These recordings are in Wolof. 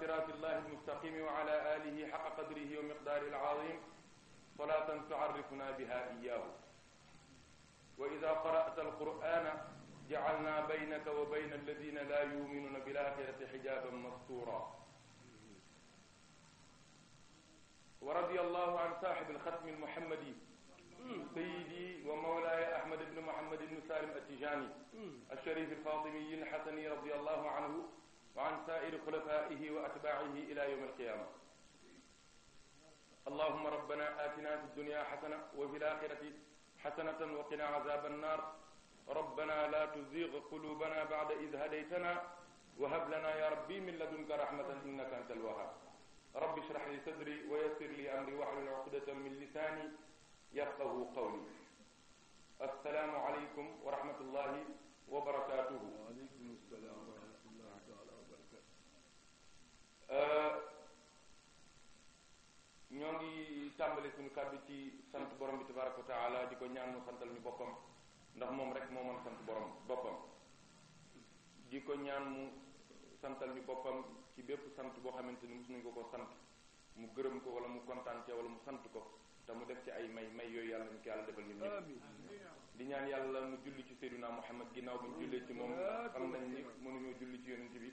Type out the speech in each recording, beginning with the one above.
صراط الله المستقيم وعلى آله حق قدره ومقداره العظيم صلاة تعرفنا بها إياه وإذا قرأت القرآن جعلنا بينك وبين الذين لا يؤمنون بالآخرة حجابا مستورا ورضي الله عن صاحب الختم المحمدي سيدي ومولاي أحمد بن محمد بن سالم التجاني الشريف الفاطمي الحسني رضي الله عنه wa an saa'iri xulafaa'ihi wa atbaa'ihi ila yawmi alqiyaama allahumma rabbana aatina fi dunya xasana wa fi laaxirati xasanatan wa qina azaaba annaar rabbana laa tuzigh quluubana ba'da id hadaytana wa hab lana ya rabbi min ladunka rahmatan innaka anta alwahhaab rabbi ishrah li sadri wa yassir li amri wahlul uqdatan min lisaani yafqahu qawli assalaamu aleykum wa rahmatullahi wa barakaatuhu Euh, ñoo ngi tàmbale suñu kàddu ci sant borom bi tabaraka wa taala di ko ñaan mu santal ñu boppam ndax moom rek moo mën sant borom boppam di ko ñaan mu santal ñu boppam ci bépp sant boo xamante ni mos nañ ko ko sant mu gërëm ko wala mu kontaan ci wala mu sant ko te mu def ci ay may may yooyu yàlla ñu ko yàlla defal ñun ñëpp di ñaan yàlla mu julli ci Seydina Muhammad ginnaaw bi ñu jullee ci moom xam nañ ni mënuñoo julli ci yonent bi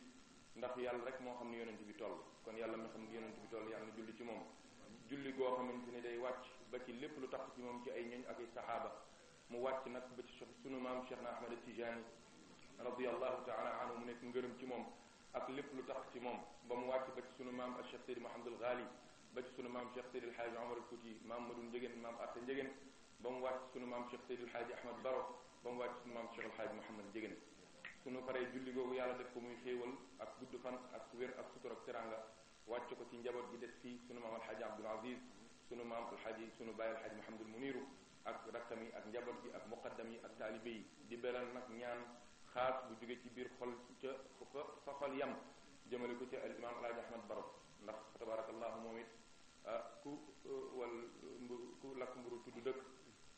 ndax yàlla rek moo xam ne yonent bi toll kon yàlla mi xam ne yonent bi toll yàlla na julli ci moom julli goo xamante ni day wàcc ba ci lépp lu tax ci moom ci ay ñoñ ak ay saxaaba mu wàcc nag ba ci sunu maam Cheikh na Ahmad Tijaani radiallahu taala anhu mu nekk ngërëm ci moom ak lépp lu tax ci moom ba mu wàcc ba ci sunu maam al Cheikh Seydi Mahamadul Ghali ba ci sunu maam Cheikh Seydi El Hadji Omar al Fouti maam Madou Njegéen maam Arte Njegéen ba mu wàcc sunu maam Cheikh Seydi El Hadji Ahmad Baro ba mu wàcc sunu maam Cheikh El Hadji Mouhamad Njegéen sunu paree julli googu yàlla de ko muy xéewal ak gudd fan ak wér ak sutur ak teranga wàcc ko ci njaboot gi des fii sunu maam alxaaji abdul aziz sunu maam alxaaji sunu bàyyi alxaaji mahamadul muniru ak rakkam yi ak njaboot gi ak muqaddam yi ak taalibe yi di beral nag ñaan xaas bu jóge ci biir xol ca fa xol yam jëmale ko ci al imam alaaji ahmad baro ndax tabarakallahu moom it ah, ku uh, wal uh, ku lakk mburu tudd dëkk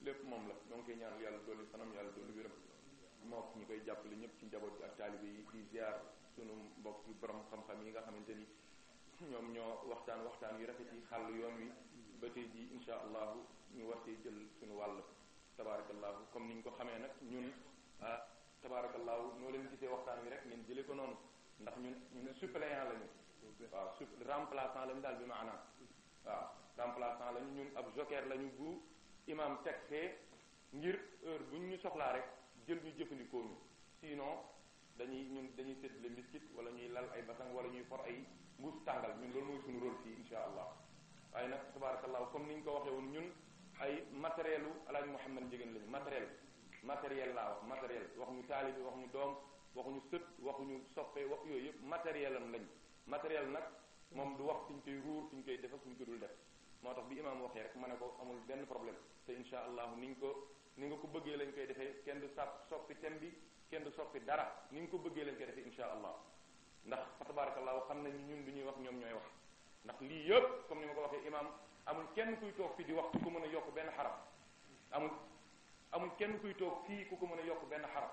lépp moom la donc ñaan yàlla dooli fanam yàlla dooli wéram moo ñu koy jàppale ñëpp ci njaboot bi ak taalibe yi di ziar sunu mbokk yu borom xam-xam yi nga xamante ni ñoom ñoo waxtaan waxtaan wi rafet yi xàll yoon wi ba tey jii insha allahu ñu war cee jël sunu wàll tabarakallahu comme ni ñu ko xamee nag ñun ah tabarakallahu noo leen gisee waxtaan wi rek ngeen jëlee ko noonu ndax ñun ñun suppléant lañu waaw su remplaçant lañu daal bi maanaam waaw remplaçant lañu ñun ab joker lañu bu imam teg fee ngir heure bu ñu soxlaa rek jël ñu jëfandikoo ñu sinon dañuy ñun dañuy séddale mbiskit wala ñuy lal ay basang wala ñuy for ay mbuus tàngal ñun loolu mooy suñu rôle fii insha allah waaye nag tabarakallah comme ni ñu ko waxee woon ñun ay matériel u alaaji Mouhamed Ndiéguène lañu matériel matériel laa wax matériel waxuñu wax ñu doom waxuñu sët waxuñu soppe wax yooyu yëpp matériel am lañ matériel nag moom du wax suñ koy ruur suñ koy def ak suñ ko dul def moo tax bi imaam waxee rek ma ne ko amul benn problème te allah niñ ko ni nga ko bëggee lañ koy defee kenn du sa soppi thème bi kenn du soppi dara ni nga ko bëggee lañ koy defee insha allah ndax fa tabarakallahu xam nañu ñun lu ñuy wax ñoom ñooy wax ndax lii yëpp comme ni nga ko waxee imam amul kenn kuy toog fii di wax ku ko mën a yokk benn xarab amul amul kenn kuy toog fii ku ko mën a yokk benn xarab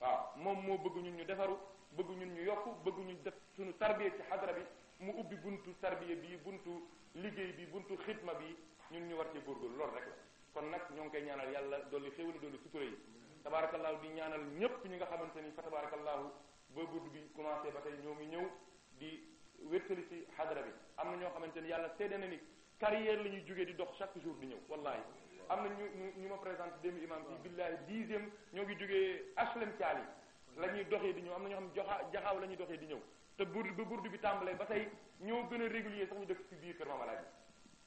waaw moom moo bëgg ñun ñu defaru bëgg ñun ñu yokk bëgg ñu def suñu tarbiya ci xadra bi mu ubbi buntu tarbiya bi buntu liggéey bi buntu xidma bi ñun ñu war cee góorgóorlu loolu rek la kon nag ñoo ngi koy ñaanal yàlla dolli xéwal dolli sutura yi tabaarakallaahu di ñaanal ñépp ñi nga xamante ni fa tabaarakallaahu ba budd bi commencé ba tey ñoo ngi ñëw di wéttali ci xadara bi am na ñoo xamante ni yàlla seede na ni carrière la ñuy jógee di dox chaque jour di ñëw wallahi am na ñu ñu ma présenté démb imam ci billahi dixième ñoo ngi jógee HLM Thiali la ñuy doxee di ñëw am na ñoo xam joxa jaxaaw la ñuy doxee di ñëw te burd ba bi tàmbalee ba tey ñoo gën a régulier sax ñu dëkk ci biir kër Mamaladi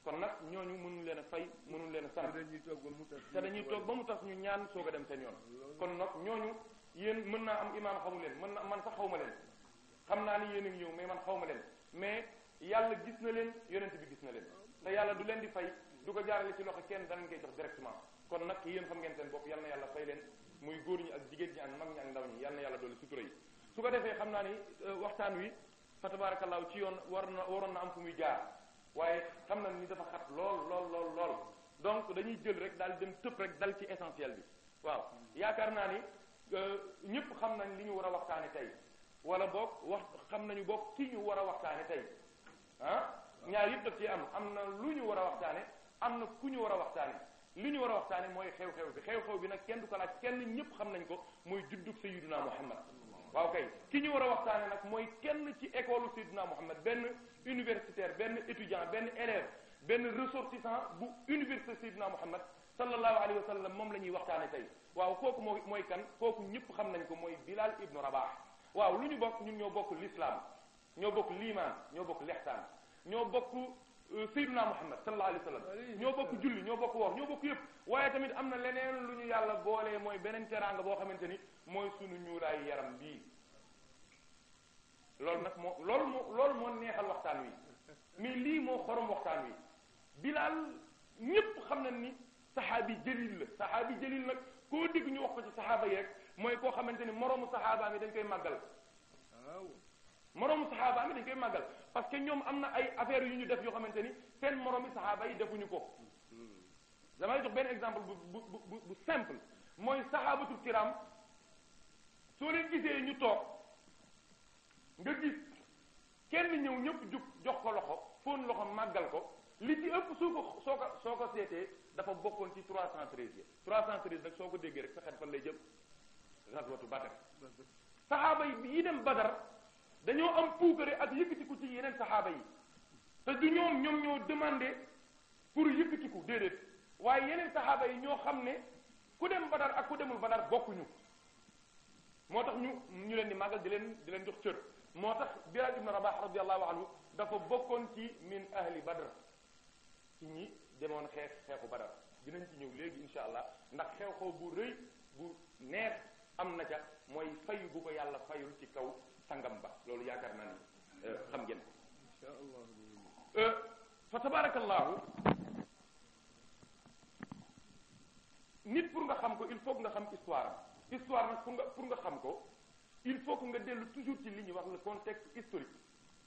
kon nag ñooñu mënuñ leen a fay mënuñ leen a sant te dañuy toog ba mu tas ñu ñaan soog a dem seen yoon kon nag ñooñu yéen mën naa am imaam xamu man sax xawma leen xam naa ni yéen a ngi ñëw mais man xawma leen mais yàlla gis na leen yonent bi gis na leen te yàlla du leen di fay du ko jaarale ci loxo kenn danañ koy jox directement kon nag yéen xam ngeen seen bopp yal na yàlla fay leen muy góor ñi ak jigéen ñi ak mag ñi ak ndaw ñi yàlla doole waaye xam na ni dafa xat lool lool lool lool donc dañuy jël rek daal dem tëb rek dal ci essentiel bi waaw yaakaar naa ni euh, ñëpp xam nañ li ñu war a waxtaane tey wala boog wax xam nañu boog ki ñu war a waxtaane ah ñaar yëpp daf ci am am na lu ñu war a waxtaane am na ku ñu war a waxtaane li ñu war a waxtaane mooy xew-xew bi xew-xew bi nag kenn du ko laaj kenn ñëpp xam nañ ko mooy juddu juddug sayyiduna Muhammad waaw kay ki ñu war a waxtaane nag mooy kenn ci école Seydina Mohamed benn universitaire benn étudiant benn élève benn ressortissant bu université Seydina Mohamed sallallahu alayhi wa sallam moom la ñuy waxtaane tey waaw kooku mooy mooy kan kooku ñëpp xam nañ ko mooy Bilal ibnu Rabah waaw lu ñu bokk ñun ñoo bokk l'islam ñoo bokk l'iman ñoo bokk l'ihsan ñoo bokk Euh, Seydina Muhammad sallallahu alayhi wa sallam ñoo bokk julli ñoo bokk yëpp waaye tamit am na leneen lu ñu yàlla boolee mooy beneen teraanga boo xamante ni mooy sunu ñuulaayu yaram bii loolu nag moo moo loolu waxtaan wi mais lii moo xorom waxtaan wi Bilaal ñëpp xam nañ ni saxaabi jëlil la saxaabi jëlil nag koo dégg wax ko ci saxaaba mooy koo xamante ni moroomu saxaaba mi dañ koy màggal moroomu saxaaba mi dañ koy màggal parce que ñoom am na ay affaire yu ñu def yoo xamante ni seen moroomi saxaaba yi defuñu ko dama lay jox benn exemple bu bu bu bu simple mooy saxaabatu kiram soo leen gisee ñu toog nga gis kenn ñëw ñëpp jub jox ko loxo fóon loxo màggal ko li ci ëpp soo ko soo ko soo ko seetee dafa bokkoon ci 313 yi 313 nag soo ko déggee rek sa xel fan lay jëm rasuwatu Badar saxaaba yi dem Badar dañoo am puukare ak yëkkatiku ci yeneen saxaaba yi te du ñoom ñoom ñoo demandé pour yëkkatiku déedéet waaye yeneen saxaaba yi ñoo xam ne ku dem badar ak ku demul badar bokkuñu moo tax ñu ñu leen di màggal di leen di leen jox cër moo tax Bilaal ibn Rabah radiyallahu anhu dafa bokkoon ci min ahli badar ci ñi demoon xeex xeexu badar dinañ ci ñëw léegi insha allah ndax xew-xew bu rëy bu neex am na ca mooy fayu bu ko yàlla fayul ci kaw sangam ba loolu yaakaar naa ni euh, xam ngeen ko euh, fa tabarakallahu nit pour nga xam ko il faut nga xam histoire histoire nag pour nga xam ko il faut que nga dellu toujours ci li ñuy wax le contexte historique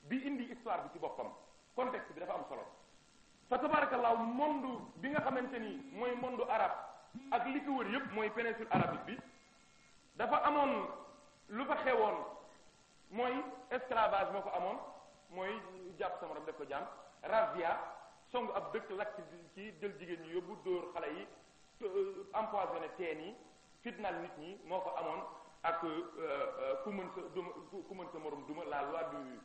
bi indi histoire bi ci boppam contexte bi dafa am solo fa tabarakallahu monde bi nga xamante ni mooy monde arabe ak li ko wër yépp mooy péninsule arabique bi dafa amoon lu fa xewoon mooy esclavage moo ko amoon mooy jàpp sama rab def ko jaam razzia song ab dëkk lakk ci jël jigéen ñi yóbbu dóor xale yi euh, empoisonné teen yi fitnaal nit ñi moo ko amoon ak euh, euh, ku mën sa duma ku mën sa morom duma la loi du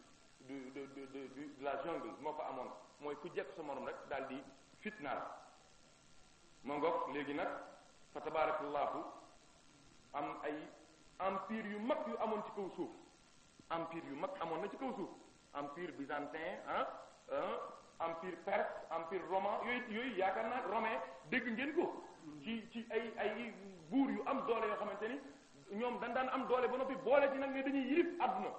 du du du de la jungle moo ko amoon mooy ku jekk sa moroom rek daal di fitnaal moo léegi nag fa tabarakallahu am ay empire yu mag yu amoon ci kaw suuf empire yu mag amoon na ci kaw suuf empire byzantin ah empire perse empire romain yooyu yooyu yaakaar naa romain dégg ngeen ko ci ci ay ay buur yu am doole yoo xamante ni ñoom dañ daan am doole ba noppi boole ci nag ne dañuy yilif adduna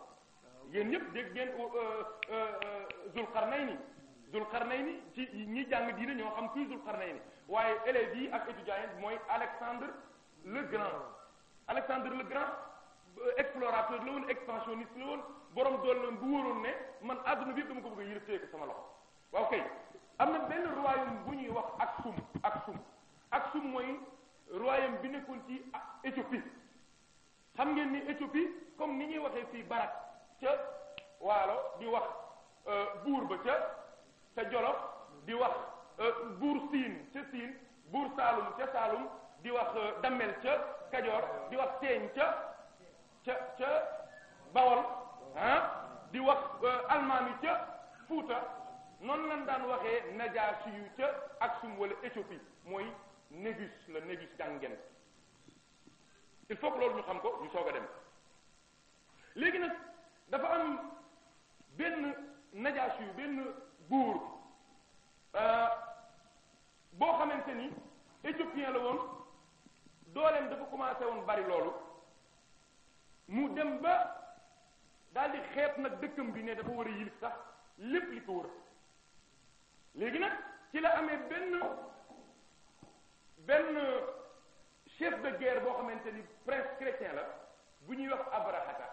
yéen ñëpp dégg ngeen euh, euh, Zulqarnayni Zulqarnayni ci ñi jàng diine ñoo xam kuy Zulqarnayni waaye élèves yi ak étudiants mooy Alexandre le Grand Alexandre le Grand explorateur la woon expansionniste la woon borom doole la bu wóoroon ne man àdduna bi dama ko bëgg a yële ko sama loxo waaw kay am na benn royaume bu ñuy wax Aksum ak Aksum mooy royaume bi nekkoon ci Éthiopie xam ngeen ni Éthiopie comme ni ñuy waxee fii Barak ca waalo di wax euh, buur ba ca ca jolo di wax euh, buur Siin ca Siin buur Saalum ca Saalum di wax euh, Damel ca Kajoor di wax Teeñ ca ca ca Bawol ah, di wax euh, almaami ca Fuuta noonu lañ daan waxee najaasi yu ca Aksum wala Éthiopie mooy négus la négus jàngeen il faut loolu ñu xam ko ñu soog a dem léegi nag dafa am benn najaasi yu benn buur euh, boo xamante ni éthiopien la woon dooleem dafa commencé woon bari loolu mu dem ba daal di xeeb nag dëkkam bi ne dafa war a yilif sax lépp li ko ci la amee benn benn chef boo xamante ni prince chrétien la bu ñuy wax abrahata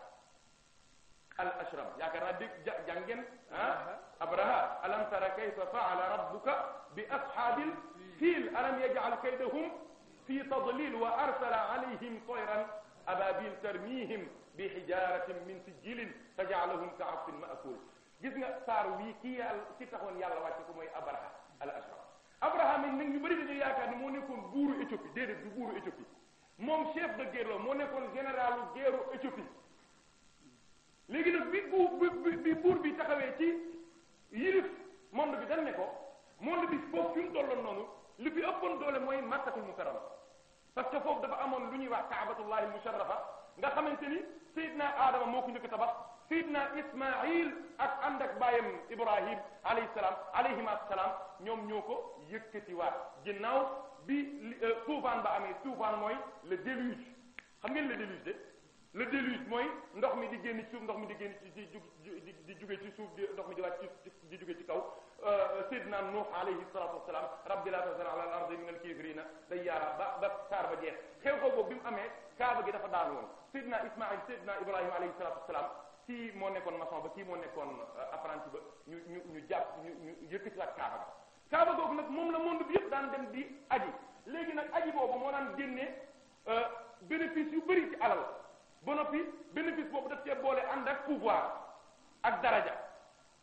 al ashram yaakaar naa dégg jàngeen ah abraha alam tara kayfa faala rabbuka bi ashaabil fiil alam yaj'al kaydahum fi tadlil wa arsala alayhim ababil tarmihim bi hijaratin min sijilin fajalahum ka asfin maakul gis nga saar wii kii yàlla ki taxoon yàlla wàcce ko mooy abraha al ashra abraham yi nag ñu bëri dañu yaakaar ni moo nekkoon buuru éthiopie déedéet du buuru éthiopie moom chef de guerre la moo nekkoon généralu guerre éthiopie léegi nag bi bu bi buur bi taxawee ci yilif monde bi dañ ne ko monde bi foofu fi mu tolloon noonu li fi ëppoon doole mooy makkatul mukarrama parce que foofu dafa amoon lu ñuy wax kaabatullahi musharrafa nga xamante ni sayidna Adama moo ko njëkk tabax sayidna Ismail ak ànd ak bàyyam Ibrahim alayhi salaam alayhima salaam ñoom ñoo ko yëkkatiwaat ginnaaw bi euh, tuufaan ba amee tuufaan mooy le déluge xam ngeen le déluge de le déluge mooy ndox mi di génn ci suuf ndox mi di génn ci di di di ci suuf di ndox mi di di jóge ci kaw sidna nuh alayhi salatu wassalam rabbi la tazar ala al-ardi min al-kafirina dayyara ba ba saar ba jeex xew xew bi mu amee kaaba gi dafa daan woon sidna ismail sidna ibrahim alayhi salatu wassalam kii moo nekkoon maçon ba kii moo nekkoon euh, apprenti ba ñu ñu ñu jàpp ñu ñu yëkkatiwaat kaaba ba kaaba googu nag moom la monde bi yëpp daan dem di aji léegi nag aji boobu moo daan génnee euh, bénéfice yu bëri ci alal ba noppi bénéfice boobu boole ànd ak pouvoir ak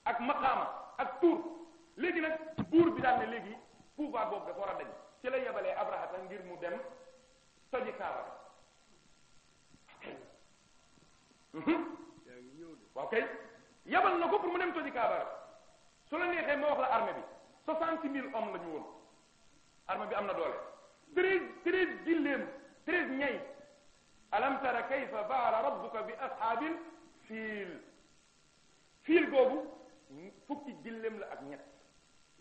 ak maqaama ak tur léegi nag buur bi daal ne léegi pouvoir boobu dafa war a dañ ci la yebalee Abraha sax mu dem toji Kaaba mhm. waaw kay yebal na ko mu dem toji Kaaba su la neexee ma wax la armée bi soixante mille hommes la ñu woon armée bi am na doole treize treize gilleem treize alam tara kayfa fa'ala rabbuka bi ashaabil fiil fiil boobu fukki gilleem la ak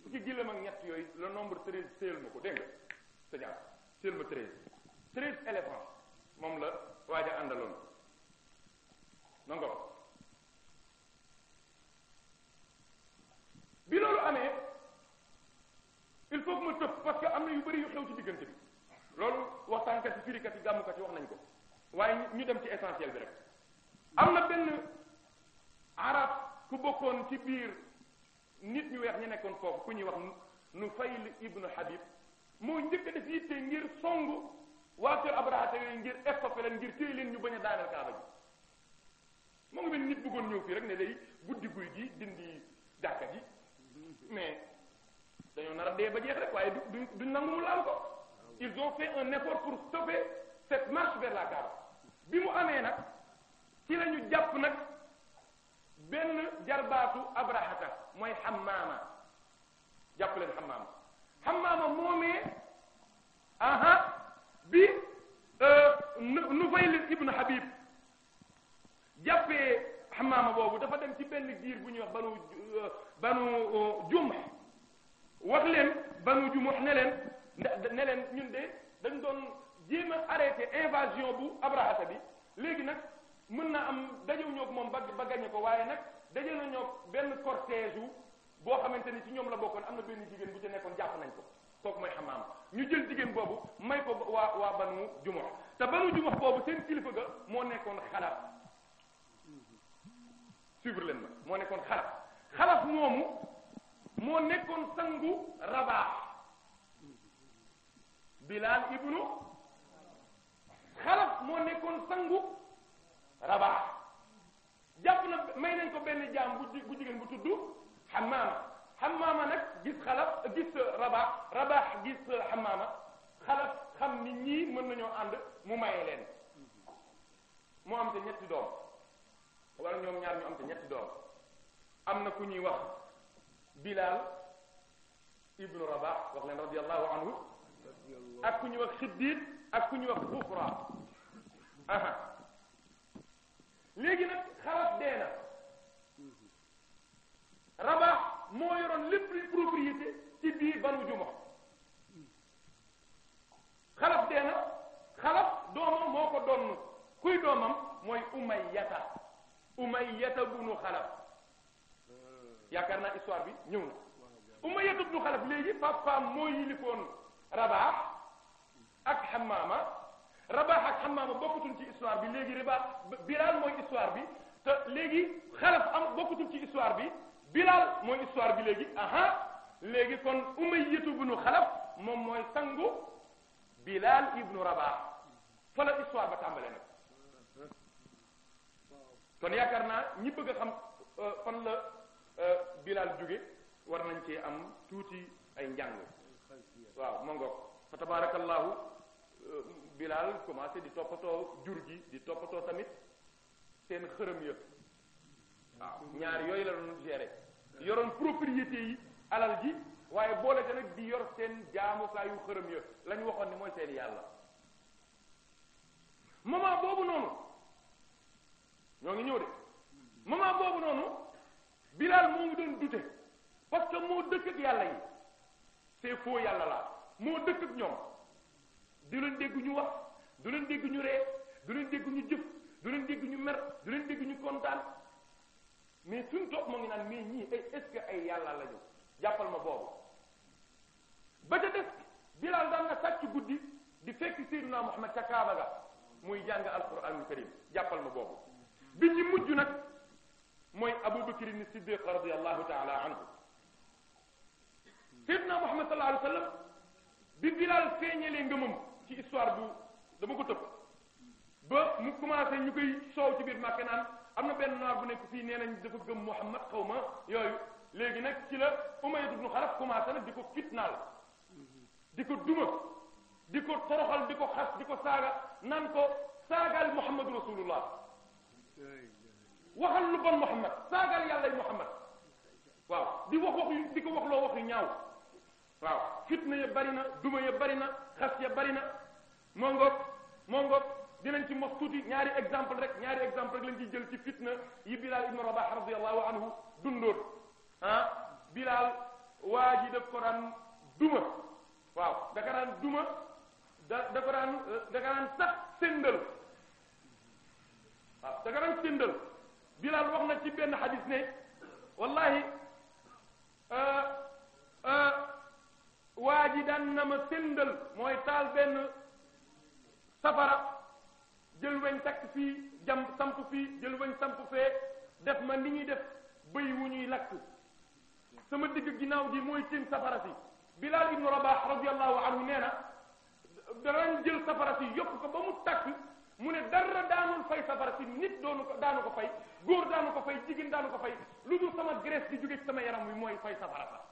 bu ci gillem ak ñett yooyu le nombre treize séel ko dégg nga sëñaar séel ma treize treize moom la waaja a àndaloon nanga ko bi loolu amee il faut ma tëb parce que am na yu bari yu xew ci diggante bi loolu waxtaankat yi firikat yi wax nañ ko waaye ñu dem ci essentiel bi rek am na benn arab ku bokkoon ci biir nit ñu weex ñu nekkoon foofu ku ñuy wax Nufayl ibnu Habib moo njëkk a def yitte ngir songu waa kër Abraha yooyu ngir éstoppé leen ngir téye leen ñu bañ a daaneel kaaba gi moo ngi mel nit bëggoon ñëw fii rek ne day buddi guy gi dindi jàkka ji mais dañoo nar a dee ba jeex rek waaye du du nangu mu laal ko ils ont fait un effort pour stopper set marche vers la Kaaba bi mu amee nag ci la ñu jàpp nag. benn jarbaatu abrahata mooy xammaama jàpp leen xammaama xammaama moomee aha bi euh, Nufayl ibn Habib jàppee xammaama boobu dafa dem ci benn giir bu ñuy wax banu euh, banu euh, jumux wax leen banu jumux ne leen ne leen ñun de dañ doon jéem a arrêté invasion bu abrahata bi léegi nag mën na am dajew moom ba ba ko waaye nag daje na ñoog benn cortège boo xamante ni ci ñoom la bokkoon am na benn jigéen bu ca nekkoon jàpp nañ ko kooku mooy xamaam ñu jël jigéen boobu may ko waa waa banu jumox te banu jumox boobu seen kilifa ga moo nekkoon xalaf suivre leen ma moo nekkoon xalaf xalaf moomu moo nekkoon sangu rabaax bilal ibnu xalaf moo nekkoon sangu rabaa jàpp na may nañ ko benn jaam bu bu jigéen bu tudd xamaama xamaama nag gis xalaf gis rabaax rabaax gis xamaama xalaf xam ni ñii mën nañoo ànd mu maye leen mu am te ñetti doom wala ñoom ñaar ñu am te ñetti doom am na ku ñuy wax Bilal ibnu Rabah wax leen radiyallahu anhu ak ku ñuy wax Xiddiit ak ku ñuy wax Bufra léegi nag xalaf dee na rabaax moo yoroon lépp luy propriété ci biir banu juma xalaf dee na xalaf doomam moo ko doon kuy doomam mooy umayyata umayyata bunu xalaf yaakaar naa histoire bi ñëw na umayyata bunu xalaf léegi papaam moo yilifoon rabaax ak xamaama Rabah ak Hammaama bokkutul ci histoire bi léegi Riba Bilal mooy histoire bi te léegi Xalaf am bokkutul ci histoire bi Bilal mooy histoire bi léegi aha léegi kon Umayyatu ibnu Xalaf moom mooy sangu Bilal ibnu Rabah fa la histoire ba tàmbale nag kon yaakaar naa ñi bëgg xam euh, fan la euh, Bilal war nañ ci am tuuti ay njàng waaw ma ngoog tabarakallahu euh, Bilal commencé di toppatoo jur gi di toppatoo samit seen xërëm ya waaw ñaar yooyu la doon gérer yoroon propriété yi alal ji waaye boole te nag di yor seen jaamukaayu xërëm ya la waxoon ni mooy seen yàlla moment boobu noonu ñoo ngi ñëw de moment boobu noonu Bilal moo doon dute parce que moo dëkk ak yàlla yi c'est faux yàlla la moo dëkk ak ñoom du leen dégg ñu wax du leen dégg ñu ree du leen dégg ñu jëf du leen dégg ñu mer du leen dégg ñu kontaan mais suñ toog moo ngi naan mais ñii ay est ce que ay yàlla la jàppal ma boobu ba ca des Bilaal daan na sàcc guddi di fekk Seydina Muhammad ca Kaaba ga muy jàng alquranul karim jàppal ma boobu bi ñu mujj nag mooy Abu Bakr as-Siddiq radiyallahu ta'ala anhu Seydina Muhammad sallallahu alayhi wa sallam bi Bilaal feeñalee ngëmam ci histoire bu dama ko tëb ba mu commencé ñu koy soow ci biir Màkka naan am na benn naar bu nekk fii nee nañ dafa gëm Muhammad xaw ma yooyu léegi nag ci la Umayya ibn Xalaf commencé nag di ko fitnaal di ko duma di ko toroxal di ko xas di ko saaga naan ko saagaal Muhammad rasulullah waxal lu bon Muhammad saagaal yàlla yi Muhammad waaw di wax wax di ko wax loo wax yu ñaaw waaw fitna ya bari na duma ya bari na xas ya bari na moo ngoog moo ngoog ci mos tuuti ñaari exemple rek ñaari exemple rek lañ ciy jël ci fitna yi Bilal ibn Rabah radiyallahu anhu ah, Bilal waa ji daf ko daan duma waaw da ko daan duma Bilal wax ci benn xadis wallahi. Euh, euh, waa ji daan na ma sëndal mooy taal benn safara jël weñ takk fii jam samp fii jël weñ samp fee def ma li ñuy def bëy wu ñuy lakk sama digg ginnaaw gi mooy tiim safara si Bilal ibnu Rabah radiyallahu anhu nee na danañ jël safara si yokk ko ba mu takk mu ne dara daanul fay safara si nit doonu ko daanu ko fay góor daanu ko fay jigéen daanu ko fay lu dul sama graisse di jóge ci sama yaram wi mooy fay safara sa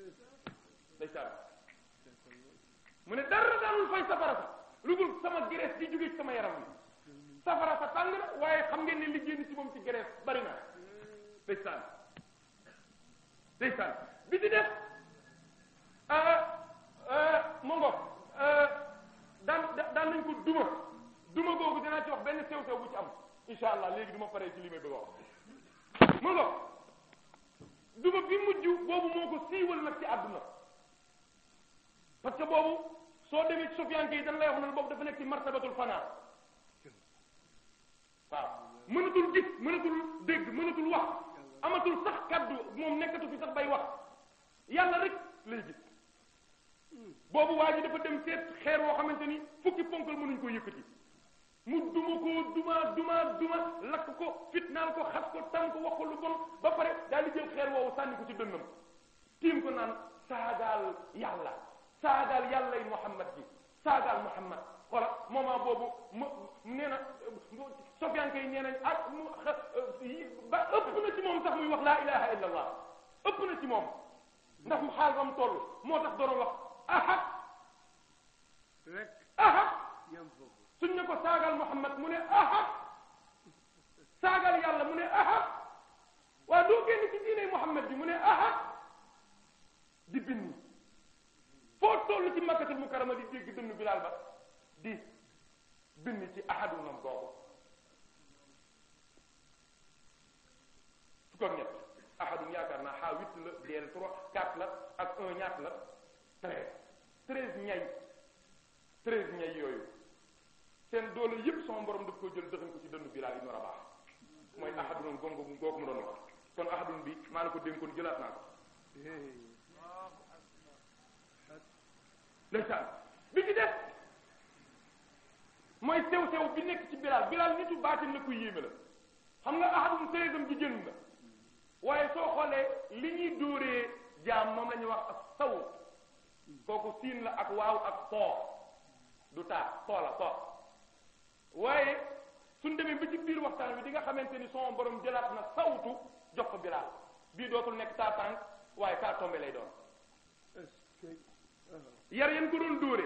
day mu ne dara daanul fay safara sa lu sama graisse di jóge sama yaram bi safara sa tàng na waaye xam ngeen ne li génn ci moom ci graisse bari na day saan bi di def mu ngoog ah, daan daan nañ ko duma duma googu dinaa ci wax benn sew sew bu ci am insha allah léegi duma paree ci li may wax mu ngoog duma bi mujj boobu moo ko siiwal nag ci àdduna parce que boobu soo demee ci sofiyanke yi dañ lay wax ne boobu dafa nekk ci martabatul fanaa waaw mënatul gis mënatul dégg mënatul wax amatul sax kaddu moom nekkatu fi sax bay wax yàlla rek lay boobu waa dafa dem seet xeer woo xamante ni fukki ponkal mënuñ ko yëkkati mu duma ko duma duma duma lakk ko fitnaal ko xas ko tan ko wax lu bon ba pare daal di jël xeer woowu sànni ko ci dënnam tiim ko naan saagaal yàlla saagaal yàlla yi Muhammad bi saagaal Muhammad voilà moment boobu ma nee na sofianke yi nee nañ ak ah, mu ba ëpp na ci moom sax muy wax laa ilaha illa ndax mu xaal bam toll moo tax doon wax ahad ahad suñ ne ko saagal Muhammad mu ne aha saagal yàlla mu ne aha waaye doo génn ci diine Muhammad bi mu ne aha di bind foo toll ci makkatul mukarrama di dégg dund Bilaal ba di bind ci ahadunam boobu su ko ñett ahadun yaakaar naa xaa huit la deel trois quatre la ak un ñaat la treize treize ñay treize ñay yooyu seen doole yëpp sama borom daf koy jël dëxañ ko ci dënnu Bilaal ibn Rabah mooy ahadunum gongo gooku mu doon wax bi maa la ko dénkoon jëlaat naa ko bi ci def mooy sew sew bi nekk ci Bilaal Bilaal nitu baatin la koy yéeme la xam nga ahadum seizième bi jën la waaye soo xoolee li ñuy dóoree jaam moom lañuy ñuy wax ak saw kooku siin la ak waaw ak soo du taa soo la soo waaye suñ demee ba ci biir waxtaan wi di nga xamante ni son borom jëlaat na sawtu jox ko bii dootul nekk taa tànk waaye taa tombe lay doon yar yéen ko doon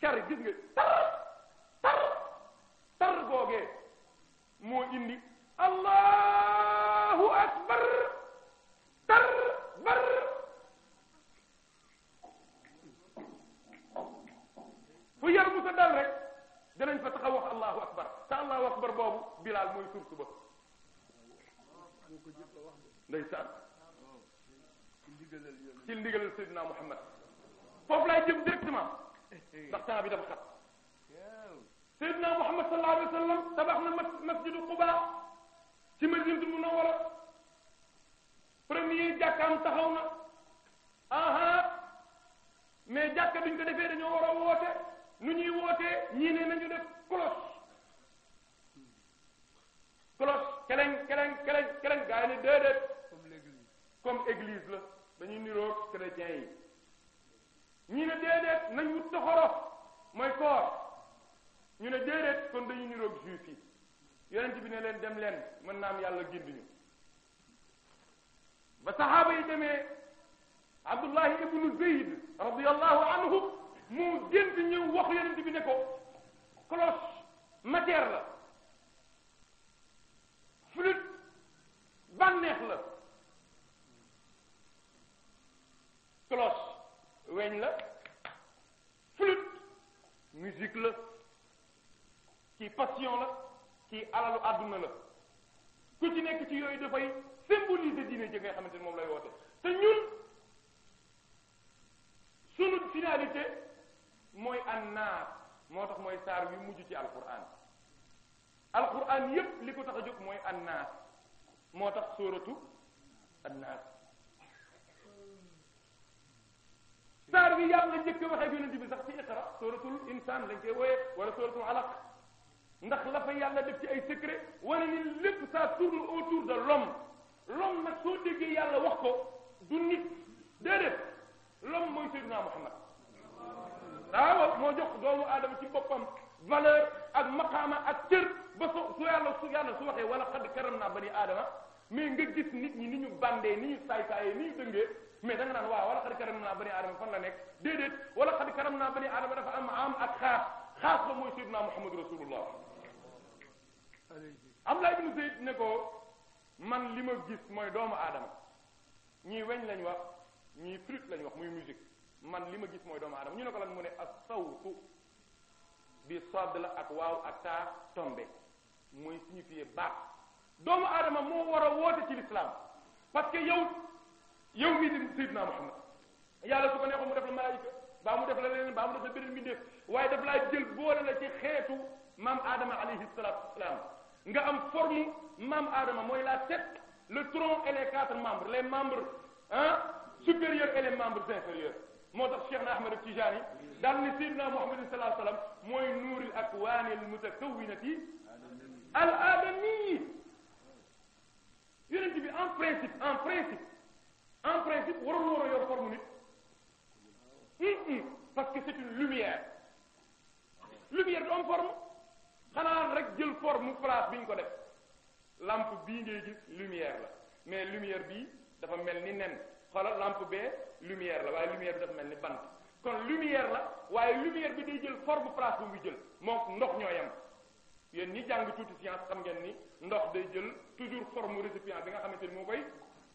car gis nga tar tar tar googee moo indi allahu akbar tar bar fu yar musa danañ fa taxaw wax allahu akbar te allahu akbar boobu bilaal mooy tur suba ndeysaan ci ndigalal Seydina Muhammad foofu laay jëm directement ndax temps bi dafa xat Seydina Muhammad sallallahu alayhi wa sallam tabax na masjidu Quba ci Madinatul Munawwara premier jàkkaam taxaw na aha mais jàkka duñ ko defee dañoo war a woote nu ñuy wootee ñii ne nañu def cloche cloche keleng keleng keleng keleng gaa yi comme église la dañuy niroog chrétiens yi ñii ne déedéet nañ wut toxoro mooy koor ñu ne déedéet kon dañuy niroog juif yi yonent bi na leen dem leen mën naa am yàlla gindiñu ba saxaaba yi demee abdullah ibnu zayd radiyallahu anhu mu gént ñëw wax yonent bi ne ko cloche matière la flûte bànneex la cloche weñ la flûte musique la ci passion la ci alalu àdduna la ku ci nekk ci yooyu dafay symboliser diine ji nga xamante ne moom lay woote te ñun sunu finalité mooy annaas moo tax mooy saar wi mujj ci alquran alquran yépp li ko tax a jóg mooy annaas moo tax sóoratu annaas saar wi yàlla njëkk a waxee yonent bi sax ci iqra sóoratul insaan lañ koy wooyee wala sóoratul alaq ndax la fa yàlla def ci ay secret wane ni lépp ça tourne autour de l'homme l'homme nag soo déggee yàlla wax du nit déedéet l'homme mooy Seydina Muhammad waaw moo jox doomu aadama ci boppam valeur ak maqaama ak cër ba su su yàlla su yàlla su waxee wala xadd karam naa bani aadama mais nga gis nit ñi ni ñu bandee ni ñu saay saayee ni ñu dëngee mais da nga naan waaw wala xadd karam naa bani aadama fan la nekk déedéet wala xadd karam naa bani aadama dafa am am ak xaas xaas ba mooy sayyidina Muhammad rasulullah Abdullah ibn Zayd ne ko man li ma gis mooy doomu aadama ñii weñ lañu wax ñii fruit lañ man li ma gis mooy doomu adama ñu ne ko lan mu ne ak sawtu bi sodd la ak waaw ak taa tombe mooy signifier baax doomu aadama moo war a woote ci lislaam parce que yow yow mii di Seydina Muhammad yàlla su ko neexoon mu def la malaayika baa mu def la leneen baa mu waaye daf laa jël boole la ci xeetu maam Adama alayhi salaatu wasalaam nga am forme maam Adama mooy la tête le tronc et les quatre membres les membres hein supérieurs et les membres inférieurs moo tax Cheikh na Ahmad Tijani daal ni Seydina Muhammad sallallahu alayhi wasallam mooy nuuril akwaan al mutakawwinati al adami yonent bi en principe en principe en principe warul war a yor forme nit parce c'est lumière lumière du am forme xanaa rek jël forme place bi ñu ko def lampe bi ngay gis lumière la mais lumière bi dafa mel ni nen xoolal lampe bee lumière la waaye lumière bi dafa mel ni bant kon lumière la waaye lumière bi day jël forme place bu muy jël moom ndox ñoo yem yéen ñi jàng tuuti science xam ngeen ni ndox day jël toujours forme récipient bi nga xamante ni moo koy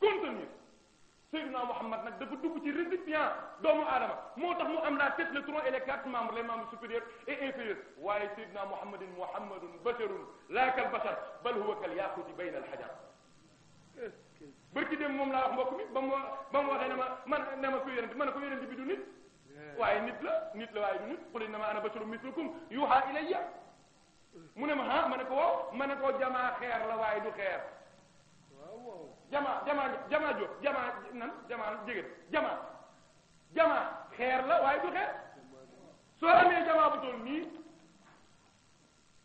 contenir Seydina Muhammad nag dafa dugg ci récipient doomu aadama moo tax mu am la tête le tronc et les quatre membres les membres supérieurs et inférieurs waaye Seydina Muhammadin Muhammadun basharun la kal bashar bal huwa kal yaquti bayna al hajar bërki dem moom laa mbokk mi ba mu ba mu waxee ne ma man ne ma ko yonent ma ne ko yonent bi du nit waaye nit nit la waaye mu ne ma ah ma ne ko waaw ma ne ko jamaa xeer la waaye du xeer jamaa jamaa jamaa jóg jamaa xeer la waaye du xeer soo amee jamaa bu toll nii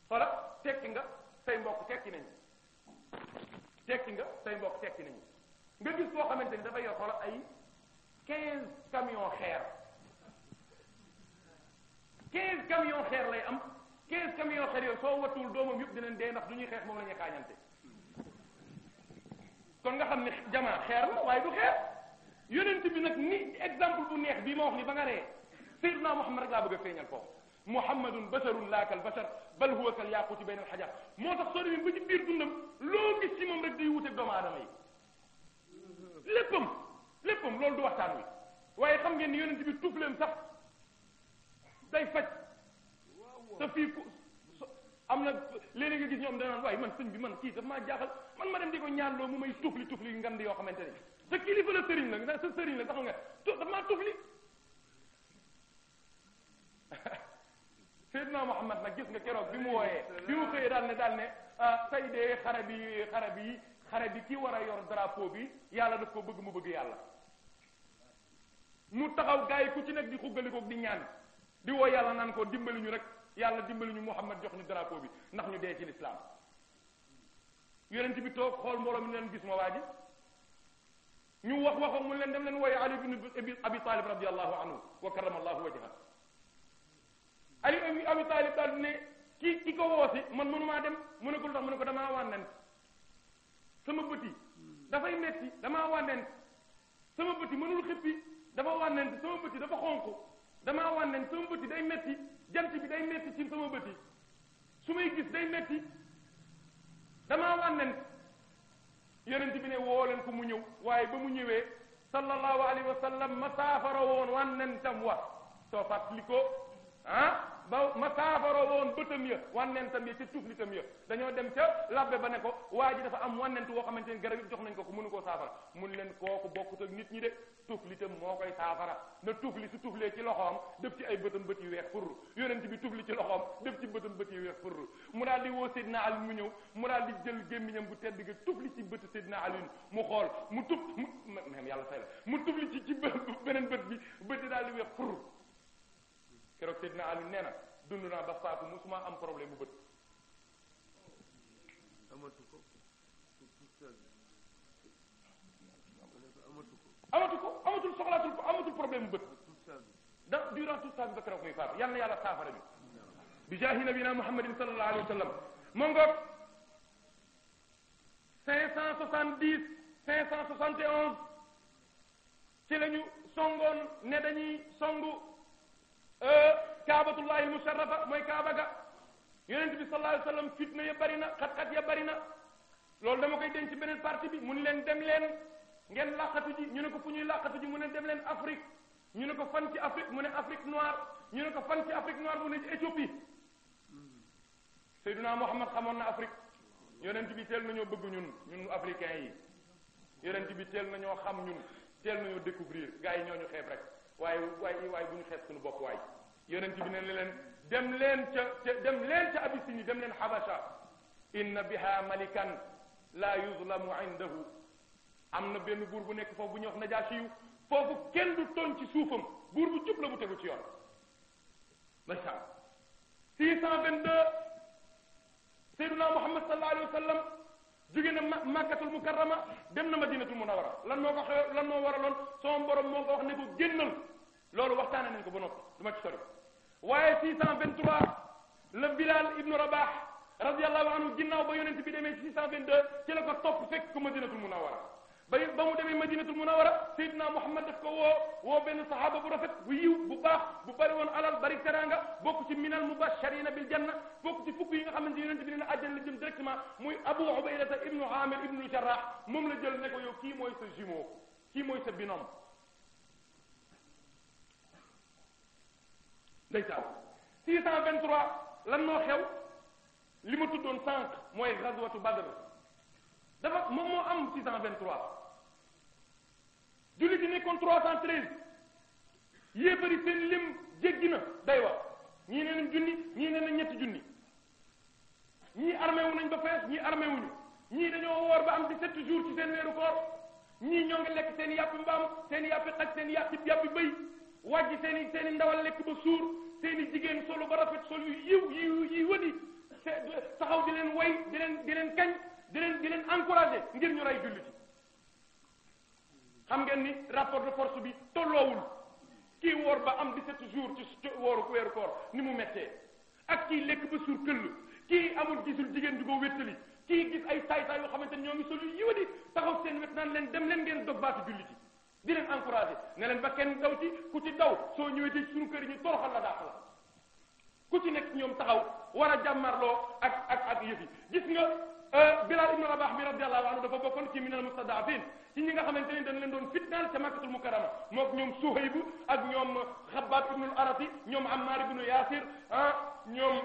xoola tekki nga say mbokk tekki nañu tekki nga say mbokk tekki nañu nga gis koo xamante ni dafay yor xoolal ay quinze camion xeer quinze camion xeer lay am quinze camion xeer yooyu soo wattuwul doomam yëpp dinañ dee ndax du ñuy xeex moom la ñuy xaañante kon nga xam ne jamaa xeer la waaye du xeer yonent bi nag ni exemple bu neex bi ma wax ni ba nga ree Seydina Muhammad rek laa bëgg a feeñal foofu muhammadun basarun laa kal basar bal huwa kal yaquti bayna al hajar moo tax soo demee ba ci biir dundam loo gis ci moom rek day wuteeg doomu aadama yi léppam du waxtaan wi waaye xam ngeen ni yonent bi tufleem sax day faj te fii am na léeg gis ñoom danaan waaye man sëñ bi man kii daf maa jaaxal man ma dem ñaan loo may tufli tufli yu ngan di yoo xamante ne sa kilifa la sëriñ la sa sëriñ la sax nga daf maa tufli Seydina Muhammad nag gis nga keroog bi mu wooyee bi mu xëyee daal ne daal ne tay ah, dee xare bi xare bi xare bi ki war a yor drapeau bi yàlla def ko bëgg mu bëgg yàlla mu taxaw gars yi ku ci nekk di xuggalikoog di ñaan di woo yàlla naan ko dimbali ñu rek yàlla dimbali ñu Muhammad jox ni drapeau bi ndax ñu dee ci lislaam yonent bi toog xool mbooloo mi leen gis ma waa ji ñu wax waxam mu leen dem leen wooye Ali ibn Abi Talib radiyallahu anhu wa karramallahu wajhahu ali abi talib daal ne ki ki ko woosi man mënumaa dem mu ne ko lu tax mu ne ko damaa wànnent sama bët yi dafay metti damaa wànnent sama bët yi mënul xippi dafa wànnent sama yi dafa xonq damaa wànnent sama yi day metti jant bi day metti ci sama bët yi su may gis day metti damaa wànnent yonent bi ne woo ko mu ñëw waaye ba mu ñëwee sallallahu alayhi wa sallam ma saafara woon wànnentam wa soo fàttali ko ah ba ma saafara woon bëtam ya wannentam ya ca tuuflitam ya dañoo dem ca labbe ba ne ko waa ji dafa am wannent woo xamante ne garab yi jox nañ ko ko mënu koo saafara mun leen kooku bokkut ak nit ñi de tuuflitam moo koy saafara na tuufli su tuuflee ci loxoom def ci ay bëtam bët yi weex furr yonent bi tuufli ci loxoom def ci bëtam bët yi weex furr mu daal di woo Seydina Ali mu ñëw mu daal di jël gémmiñam bu tedd ga tuufli ci bët Seydina Ali mu xool mu tub mu même yàlla fay mu beneen bët bi bët daal di weex furr keroog Seydina Ali nee na dund naa ba am problème bët amatu amatul soxlaatul amatul problème bët durant tout ça bi ba keroog muy faatu yal na yàlla saafara ñu bi jaahi nabina muhammadin sallallahu alayhi songoon ne dañuy songu Euh, kaabatullahi musharrafa mooy kaaba ga yonent bi sallallahu alayhi wa sallam fitna ya bari na xat-xat ya bari na loolu dama koy denc ci beneen partie bi mu ne leen dem leen ngeen laqatu ji ñu ne ko fu ñuy laqatu ji mu ne dem leen Afrique ñu ne ko fan ci Afrique mu ne Afrique noire ñu ne ko fan ci Afrique noire mu ne ci Éthiopie Seydina Muhammad xamoon na Afrique yonent bi teel ñoo bëgg ñun ñu africains yi yonent bi teel nañoo xam ñun teel nañoo découvrir gars yi ñoo ñu xeeb rek. waaye waaye waaye bu ñu xeeb suñu bopp waay yonent bi ne leen dem leen ca dem leen ca Abisini dem leen Habasha inna biha malikan la yuzlamu indahu am na benn buur bu nekk foofu bu ñuy wax Najaasi yu foofu kenn du tooñ ci suufam buur bu jub la bu tegu ci yoon macha 622 Seydina Muhammad sallallahu alayhi wa sallam jóge na ma makkatul mukarrama dem na madinatul munawwara lan moo ko xew lan moo waraloon sama borom moo ko wax ne ko génnal loolu waxtaane nañ ko ba noppi du ma ci sori waaye 623 la Bilal ibnu Rabah radiyallahu anhu ginnaaw ba yonent bi demee 622 ci la ko topp fekk ko madinatul munawwara ba ba mu demee a munawara Seydina Muhammad daf ko woo woo benn saxaaba bu rafet bu yiw bu baax bu bari woon alal bari teranga bokk ci minal mubasharina bil janna bokk ci fukk yi nga xamante yonent bi ne na àjjana la jëm directement muy Abu Ubaydata ibnu Amir ibnu Jarrah moom la jël ne ko yow kii mooy sa jumeau kii mooy sa binôme ndeysaan 623 lan noo xew li ma tuddoon sànq mooy gazwatu Badr dafa moom moo am 623 jullit yi nekkoon trois cent treize yéefari seen lim jéggi na day wax ñii nee nañ junni ñii nee ñetti junni ñii armé wu nañ ba fees ñii armé wuñu ñii dañoo woor ba am ci sept jours ci seen weeru koor ñii ñoo ngi lekk seen yàppi mbaam seen yàppi xaj seen yàppi yàppi bëy wàjji seen i seen i ndawal lekk ba suur seen i jigéen solo ba rafet sol yu yiw yu yi wëdi taxaw di leen way di leen di leen kañ di leen di leen encouragé ngir ñu rey jullit xam ngeen ni rapport de force bi tolloowul kii woor ba am 17 jour ci wooru weeru koor ni mu méttee ak kii lekk ba suur këll kii amul gisul jigéen di ko wéttali kii gis ay saay-saay yoo xamante ni ñoo ngi solu yiwa di taxaw seen wet naan leen dem leen ngeen dog baatu julli ci di leen encouragé ne leen ba kenn daw ci ku ci daw soo ñëwee ci suñu kër yi ñu toroxal la dàq la ku ci nekk ñoom taxaw war a jàmmarloo ak ak ak yëf gis nga Euh, Bilal ibn Rabah bi radiyallahu anhu dafa bokkoon ci minal mustadafin ci ñi nga xamante ni dañ leen doon fitnaal ca Makkatul Mukarrama mook ñoom Suhaybu ak ñoom Xabbaab ibnul Arati ñoom Ammar ibnu Yasir ah ñoom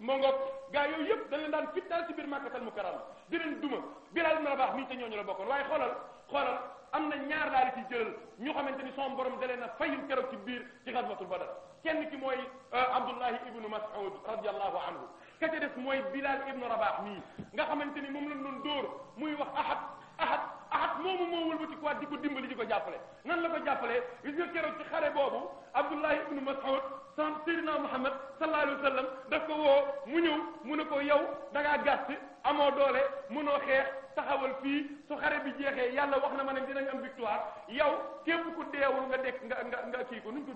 mongoog gaa yooyu yëpp dañ leen daan fitnaal ci biir Makkatul Mukarrama di leen duma Bilal ibn Rabah mii ca ñooñu la bokkoon waaye xoolal xoolal am na ñaar daal ci jëlal ñu xamante ni son borom dalee na fayul keroog ci biir ci xaswatul Badar kenn ki mooy euh, Abdullahi ibnu Mas'ud radiyallahu anhu ka ca def mooy Bilal ibnu Rabah mii nga xamante ni moom lañ doon dóor muy wax ahad ahad ahad moomu moo wëlbati quoi di ko dimbali di ko jàppale nan la ko jàppalee gis nga keroog ci xare boobu Abdullahi ibnu Mas'ud san Seydina Muhammad sallallahu alayhi wa sallam daf ko woo mu ñëw mu ne ko yow da ngaa gàtt amoo doole mënoo xeex taxawal fii su xare bi jeexee yàlla wax na ma ne dinañ am victoire yow képp ku deewul nga dekk nga nga nga kii ko nuñ ko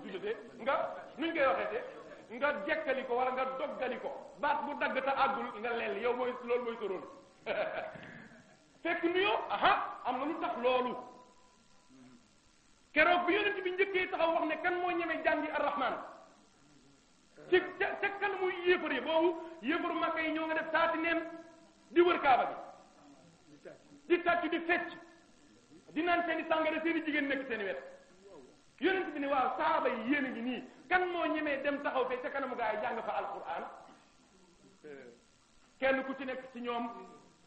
nga nuñ nga jekkali ko wala nga doggali ko baat bu dagg àggul nga leel yow mooy loolu mooy soroon fekk yow aha am na lu tax loolu keroog bi yonent bi njëkkee taxaw wax ne kan moo ñeme jàngi arrahman ci ca ca kan muy yéefar yi boobu yéefar Makka yi ñoo nga def taati neen di wër kaaba bi di tàcc di fecc di naan seen i sàngara seen jigéen nekk seen wet yonent bi ne waaw saaba yi yéen a nii kan moo ñemee dem taxaw fee ca kanamu gaa yi jàng fa alquran eh, kenn ku ci nekk ci ñoom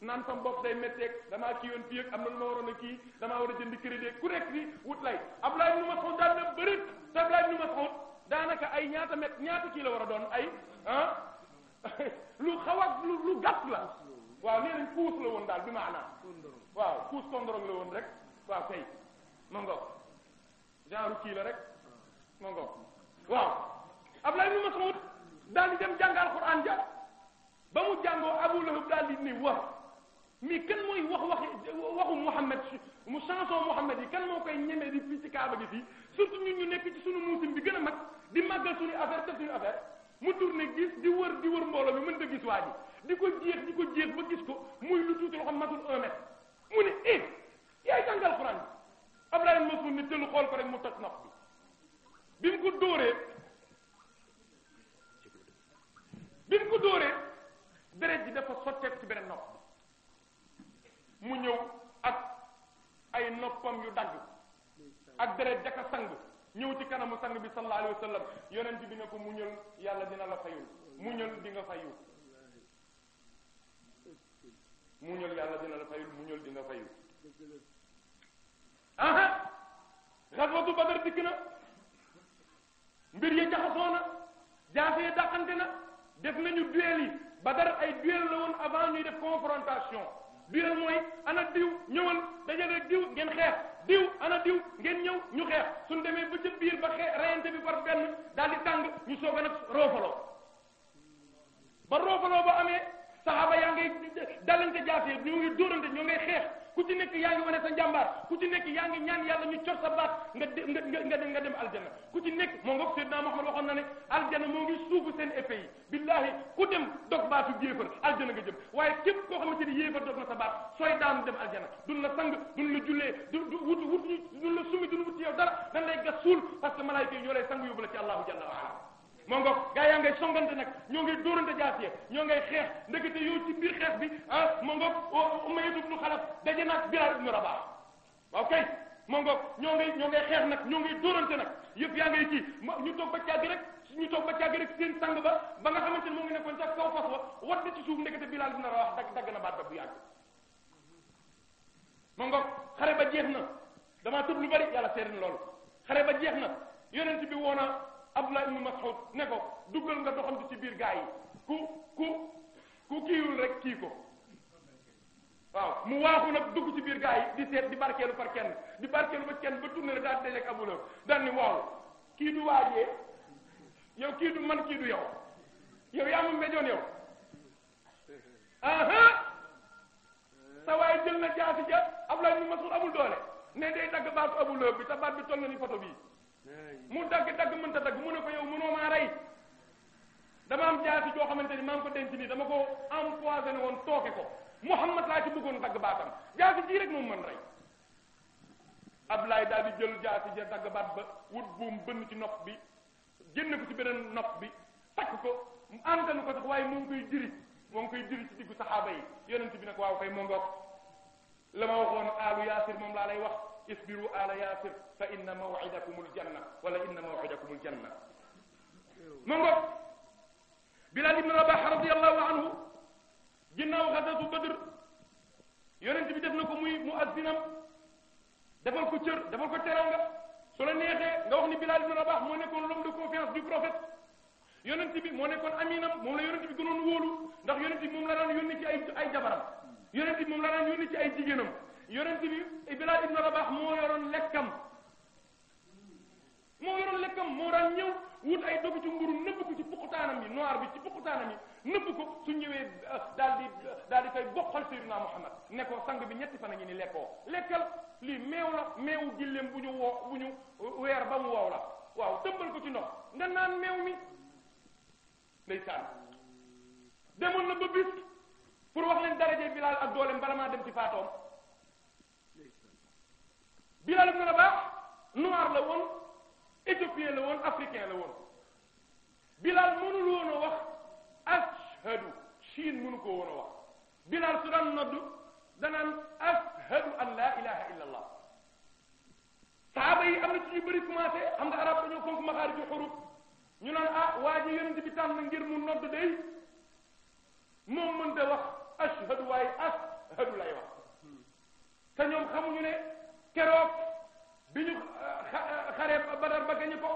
naan sam bopp day métteeg damaa kii yoon fii ak am na lu ma waroon a kii damaa war a jënd crédit ku nekk fi wut lay Abdoulaye ibn Mas'ud daal na bërit te Abdoulaye ibn Mas'ud daanaka ay ñaata met ñaata kii la war a doon ay ah lu xaw lu lu gàtt la waaw nee nañ kuus la woon daal bi maanaam waaw kuus kondorong la woon rek waaw kay ma ngoog genre kii la rek ma ngoog waaw Abdullah ibn Mas'ud daal di dem jàng alxuraan ja ba mu jàngoo Abu Lahab daal di ni wax mi kan mooy wax waxi waxu Muhammad mu chanson Muhammad yi moo koy ñemee di fii ñu nekk ci sunu muusim bi gën a mag di màggal suñu affaire te suñu affaire mu tourné gis di wër di wër mbooloo mi mën da gis di ko jeex di ba gis ko muy lu tuuti loo xam matul un mètre mu ne eh yaay jàngal alxuraan Abdoulaye Mas'ud ni tëlu xool ko rek mu toj nopp bi bi mu ko dóoree bi mu ko dóoree deret ji dafa sotteet ci beneen nopp mu ñëw ak ay noppam yu dagg ak deret jaka sang ñëw ci kanamu sang bi sallallahu alayhi wa sallam yonent bi ne ko mu ñël yàlla dina la fayul mu ñël di nga fayul mu ñël yàlla dina la fay mu ñël di nga aha xaswatu badar dikk na mbir ya jaxasoo na jaase dàqante na def nañu duel yi badar ay duel la woon avant ñuy def confrontation duel mooy ana diw ñëwal dajale diw ngeen xeex diw ana diw ngeen ñëw ñu xeex suñ demee ba biir ba reyante bi par benn daal di tàng ñu soog a nag roofaloo ba roofaloo ba amee saxaaba yaa ngay dalante jaase ñu ngi dóorante ñu ngay xeex ku ci nekk yaa ngi wane sa njàmbaar ku ci nekk yaa ngi ñaan yàlla ñu cor sa baat nga dem nga dem aljana ku ci nekk moo ngoog Seydina Muhammad waxoon na ne aljana moo ngi suufu seen effet yi ku dem dog baatu yéefar aljana nga jëm waaye képp koo xamante ni yéefar dog na sa baat sooy daanu dem aljana duñ la sang duñ la jullee du du wut wut duñ wut yow dara dañ lay gas suul ñoo lay sang yóbbu la ci Allahu jalla wa moo nga gaa yaa ngay songante nag ñoo ngay dóorante jaas ñoo ngay xeex ndekete yow ci biir xeex bi ah moo nga Umayyad ibn Xalaf daje nag Bilaal ibn Rabah waaw kay moo ñoo ngay ñoo ngay xeex nag ñoo ngay dóorante nag yëpp yaa ngay ci ñu toog ba càgg rek ñu toog ba càgg rek seen sang ba ba nga xamante ne moo ngi nekkoon sax kaw fas wa wat na ci suuf ndekete Bilaal ibn Rabah dagg dagg na baat bu yàgg moo nga xare ba jeex na damaa tëb lu Abdullah ibn Mas'ud ne ko duggal nga doxantu ci biir gaa yi ku ku kiiwul rek kii ko waaw mu waaxu nag dugg ci biir gaa yi di seet di barkeelu par kenn di barkeelu ba kenn ba tourné daal di dajeeg Abu daal ni waaw kii du waajee yow kii du man kii du yow yow yaa ma mejoon yow aha sa waaye jël na jaasi ja Abdullah ibn Mas'ud amul doole ne day dagg baatu Abu bi te baat bi toll na ni photo bii mu dagg dagg mënta dagg mu ne ko yow mënoo maa rey dama am jaasi joo xamante ni maa ngi ko denc nii dama ko empoisonné woon tooke ko Muhammad laa ci bëggoon dagg baatam jaasi jii rek moom man rey Ablaay daal di jël jaasi ja dagg baat ba wut buum bënn ci nopp bi génn ko ci beneen nopp bi takk ko mu ko sax waaye moo ngi koy jiri moo ngi koy jiri ci diggu saxaaba yi yonent bi nag waaw kay moo ngoog la ma aalu yaasir moom laa lay wax isbiru ala yasir fa inna maw'idakum aljanna wala inna maw'idakum aljanna ma ngoog Bilal ibn Rabah radiyallahu anhu ginnaaw xasatu Badr yonent bi def na ko muy muazzinam defal ko cër defal ko teranga su la neexee nga wax ni Bilal ibn Rabah moo nekkoon l'homme de confiance du prophète yonent bi moo nekkoon aminam moom la yonent bi gënoon wóolu ndax yonent bi moom la daan yónni ci ay ay jabaram yonent bi moom la daan yónni ci ay jigéenam yonent bi Bilaal ibn Rabaah moo yoroon lekkam moo yoroon lekkam moo daan ñëw wut ay dogu mburu nëbb ko ci pukutaanam yi noir bi ci pukutaanam yi nëbb ko su ñëwee euh, daal di daal di koy bokkal Seydina Muhammad ne ko sang bi ñetti fa a ngi ni lekkoo lekkal lii meew la meewu gilleem bu ñu woo bu ñu euh, weer ba wow la waaw tëmbal ko ci ndox nga naan meew mi ndeysaan demoon na ba pour wax leen daraje Bilaal ak dooleem bala maa dem ci faatoom Bilal ibn Rabah noir la woon éthiopien la woon africain la woon Bilal mënul woon a wax ashhadu Chine mënu ko woon a wax Bilal su daan noddu ashhadu an la ilaha illa allah saaba am na ci ñu bëri commencé xam nga arab dañoo fonk maxaariju xuruf ñu naan ah waa ji yonent bi tànn ngir mu nodd day moom mënta wax ashhadu waaye ashhadu lay wax te ñoom xamuñu ne keroog bi ñu xaree Badar ba gañu ko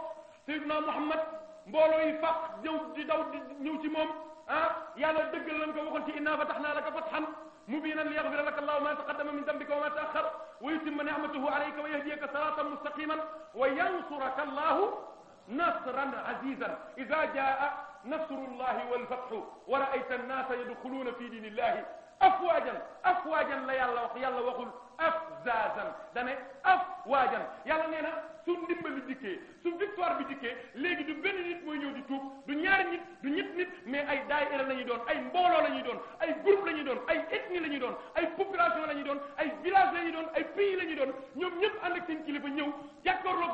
Seydina Muhammad mbooloo yi fàq ñëw di daw di ñëw ci moom ah yàlla dëggal lañ ko waxoon ci inna fatahna laka fathan mubinan li yaghfira laka allahu ma taqaddama min dambika wa ma ta'akhkhar wa yutimma ni'matahu alayka wa yahdiyaka siratan mustaqiman wa yansuraka allahu nasran azizan idha jaa nasrullahi wal fathu wa ra'ayta an-nasa yadkhuluna fi dinillahi afwajan afwajan la yàlla wax yàlla waxul afzazan dane afwaajan yàlla nee na su ndimbalu dikkee su victoire bi dikkee léegi du benn nit mooy ñëw di tuub du ñaari nit du ñett nit mais ay daayira la ñuy doon ay mbooloo la ñuy doon ay groupe la ñuy doon ay ethnie la ñuy doon ay population la ñuy doon ay village la ñuy doon ay pays la ñuy doon ñoom ñëpp ànd ak seen kilifa ñëw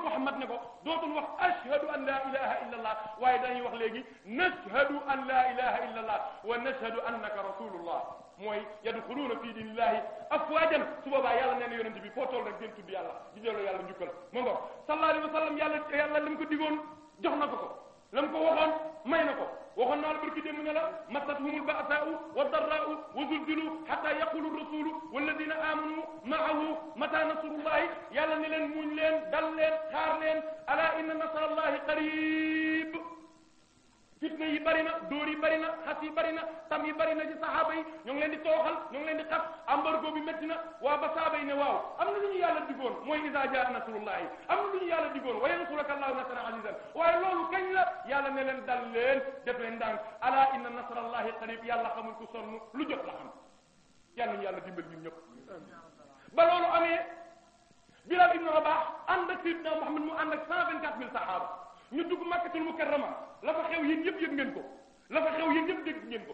Muhammad ne ko dootul wax ashhadu an la ilaha illa allah waaye dañuy wax léegi nashhadu an la ilaha illa allah wa nashhadu annaka rasulullah mooy yadxuluuna fi dinillahi afwaajan su boobaa yàlla nee na yonente bi foo toll rek gën tudd yàlla di delloo yàlla njukkal ma ngoog sallallahu alayhi wa sallam yàlla yàlla la mu ko digoon jox na ko ko la mu ko waxoon may na ko waxoon naa la barki démb ne la massathumul ba'saa'u wad-darraa'u wa zulzilu hatta yaqulu ar-rasulu walladina amanu ma'ahu mata nasrullahi yàlla ne leen muñ leen dal leen xaar leen ala inna nasrallahi qarib fitna yi bari na dóor yi bari na xas yi bari na tam yi bari na ci saxaaba yi ñoo ngi di tooxal ñoo ngi leen di xas embargo bi métti na waa ba saaba yi ne waaw am na lu digoon mooy iza jaa nasrullahi am na lu ñu yàlla digoon wa yansuraka allahu nasran azizan waaye loolu kañ la ne leen dal leen def leen ala inna nasrallahi qarib yàlla xamul ku sonn lu jot la xam yàlla ñu yàlla dimbal ñun ñëpp ba loolu amee Bilal ibn Rabah ànd ak Sayyidina Muhammad mu ànd ak cent vingt quatre mille ñu dugg makkatul mukarrama la fa xew yéen yëpp yëg ngeen ko la fa xew yéen yëpp dégg ngeen ko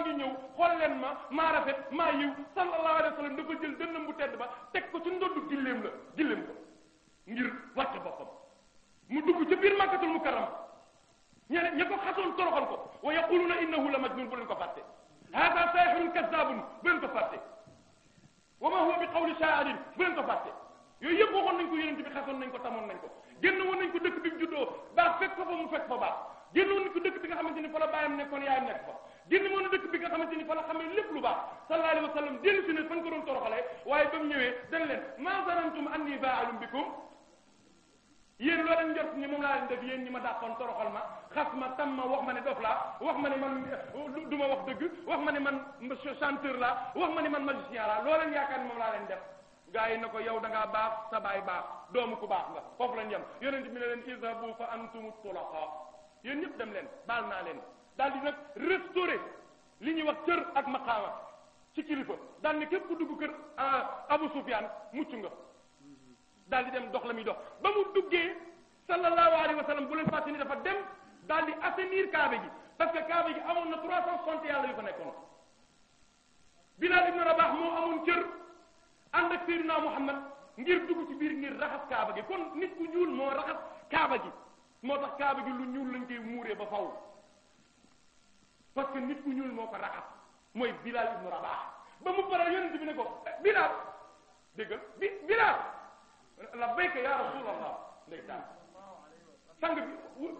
maa ngi ñëw xool leen ma maa maa yiw sallallahu alayhi wa sallam dafa jël dënnam bu tedd ba teg ko ci ndoddu gilleem la gilleem ko ngir wàcce boppam mu dugg ca biir makkatul mukarram ñene ña ko xasoon toroxal ko wa yaquluna innahu la majnun bu leen ko fàtte hada sahirun kazzabun bu leen ko fàtte wa ma huwa bi qawli sha'irin bu leen ko fàtte yooyu yëpp waxoon nañ ko yonent bi xasoon nañ ko tamoon nañ ko génn woon nañ ko dëkk bi mu juddoo baa fekk ko fa mu fekk fa baax nga xamante ni fa la bàyyam nekkoon yaayam génn moon dëkk bi nga xamante ni fa la xamee lépp lu baax sallallahu alayhi wa sallam dellu si ne fan waaye ba mu ñëwee dañ leen ma zanantum anni fa'ilun bikum yéen loo leen njort ni moom laa leen def yéen ñi ma dàqoon toroxal ma xas ma tam ma wax ma ne dof laa wax ma ne man du ma wax dëgg wax ma ne man chanteur laa wax ma ne man magicien laa loo leen yaakaar ni moom laa leen def gaa yi na ko yow da ngaa baax sa baay baax doomu ku baax ma foofu lañ yem yonent bi ne leen izhabu fa antum tulaqa yéen ñëpp dem leen baal naa leen daal di nag restauré li ñuy wax cër ak maqaama ci kilifa daal ne képp ku dugg kër ah, Abu Sufyan mucc nga daal di dem dox la muy dox ba mu duggee sallallahu alayhi wa sallam bu leen fàtte ni dafa dem daal di assainir kaaba gi parce que kaaba gi amoon na trois cent soixante yàlla yu fa nekkoon Bilal ibn Rabah moo amoon cër ànd ak Seydina Muhammad ngir dugg ci biir ngir raxas kaaba gi kon nit ku ñuul moo raxas kaaba gi moo tax kaaba gi lu ñuul lañ koy muuree ba parce que nit ku ñuul moo ko raxas mooy Bilal ibnu Rabah ba mu pare yonent bi ne ko eh, Bilal dégg bi Bilal labbayka ya rasulallah ndeysaan sang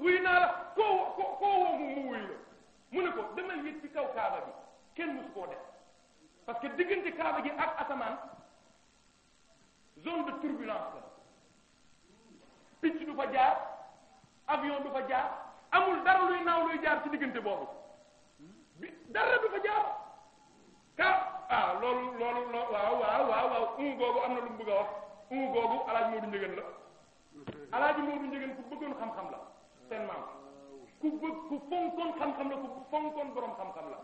wuy naa koo koo koo woo mu wuy mu ne ko demal yëg ci kaw kaaba bi kenn mus koo def parce que diggante kaaba gi ak asamaan zone de turbulence la picc du fa jaar avion du fa jaar amul dara luy naaw luy jaar ci diggante boobu bi dara du fa jaar ka ah loolu loolu loo waaw waaw waaw waaw googu am na lu mu bëgg a wax un googu alaaj Moodu Njëgën la alaaji Moodu Njëgën ku bëggoon xam-xam la seen maam ku bëgg ku fonkoon xam-xam la ku fonkoon borom xam-xam la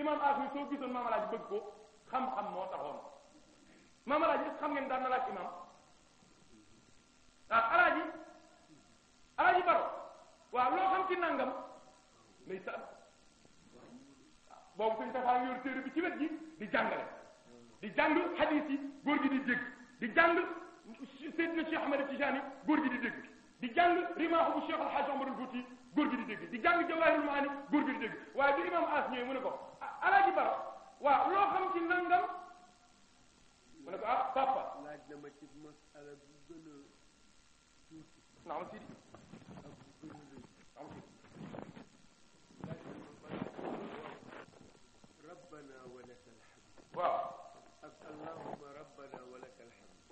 imam Afi soo gisoon maam alaaji bëgg ko xam-xam moo taxoon maam alaaji xam ngeen daan na laaj imam ah alaaji alaaji baro waaw loo xam ci nangam boobu suñ tafaa yor téere bi ci wet gi di jàngale di jàng hadith yi góor gi di dégg di jàng Seydina Cheikh Ahmed Tijani góor gi di dégg di jàng rimaaxu bu Cheikh Al Hadj Omar Fouti góor gi di dégg di jàng Jawahirul Maani góor gi di dégg waaye bi imam as ñëwee mu ne ko ah, alaaji Ba waaw loo xam ci nangam mu ko ah papa laaj na ma ci masala bu gën a tuuti naam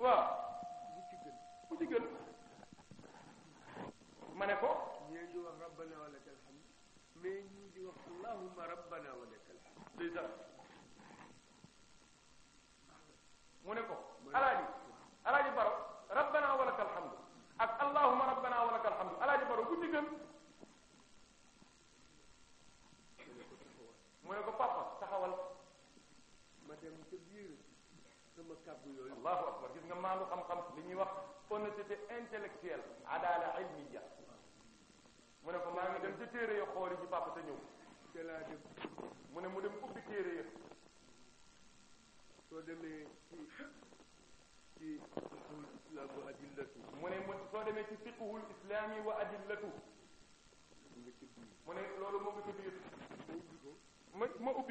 waaw bu ci gën bu ci gën ma ne ko ñee di wax rabbana wa lakal hamd mais ñii di wax allahumma rabbana wa lakal hamd mu ne ko ma kàddu yooyu allahu akbar gis nga maandu xam-xam li ñuy wax honnêteté intellectuelle adala ilmiya mu ne ko maa ngi dem ci téere ya xooli papa te ñëw mu mu dem ubbi téere ya soo demee ci ci fiqhul wa adillatu mu ne mu mu ne ko biir ma ko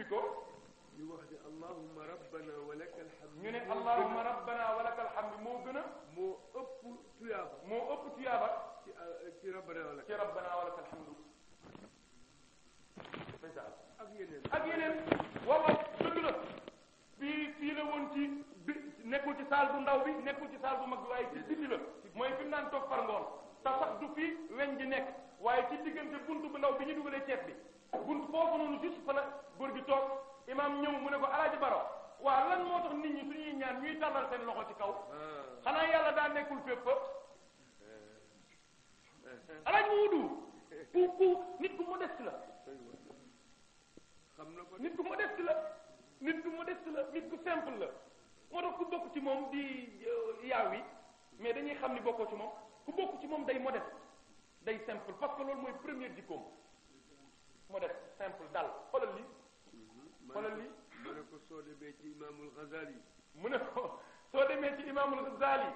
di wax ne allahumma rabbana wa lakal hamd ñu ne allahumma rabbana wa lakal hamd moo gën a moo ëpp tuyaaba moo ëpp tuyaaba ci euh, ci rabbana wa lakal ci rabbana wa lakal hamd ak yeneen ak yeneen waaw waaw dëgg la fii fii la woon ci bi nekkul ci saal bu ndaw bi nekkul ci saal bu mag bi waaye ci biti la mooy fi mu naan toog par ngoon te sax du fi weñ di nekk waaye ci diggante buntu bu ndaw bi ñu dugalee ceeb bi buntu foofu noonu juste fa la góor gi toog imam ñëw mu ne ko alaaji baro waa lan moo tax nit ñi suñuy ñaan ñuy tàllal seen loxo ci kaw ah. xanaa yàlla daa nekkul fépp alaaj mu wudu ku ku nit ku modeste la nit ku modeste la nit ku modeste la nit simple la moo ku bokk ci moom di euh, yaaw yi mais dañuy xam ni bokkoo ci moom ku bokk ci moom day modeste day simple parce que loolu mooy premier jikkoom modeste simple dal xoolal li xoolal li mu ne ko soo demee ci imaamul Ghazali mu ne ko soo demee ci imaamul Ghazali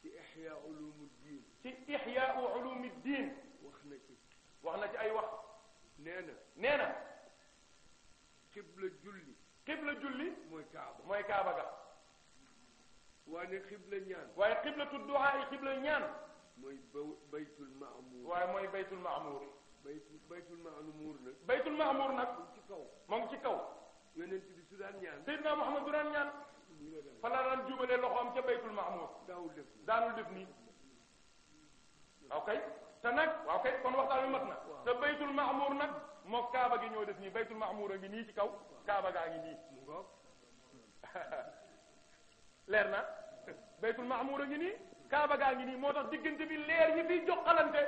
ci Ihya Ulumuddin ci Ihya Ulumuddin wax na ci wax na ci ay wax nee na nee na xibla julli xibla julli mooy kaaba mooy kaaba ga waaye xibla ñaan waaye xibla tudduha ay xibla ñaan mooy baytul ma'mur waaye mooy baytul ma'mur baytul baytul ma'mur nag baytul ma'mur nag ci kaw moom ci kaw yonent bi daan ñaan daan ñaan fa la daan jubalee loxoom ca baytul ma'mur daawul def daanul def nii waaw te nag waaw kay kon waxtaan bi mat na te baytul ma'mur nag moo kaaba gi ñoo def nii baytul ma'mur a ngi nii ci kaw kaaba gaa ngi nii leer na baytul ma'mur a ngi nii kaaba gaa ngi nii moo tax diggante bi leer yi fiy joxalante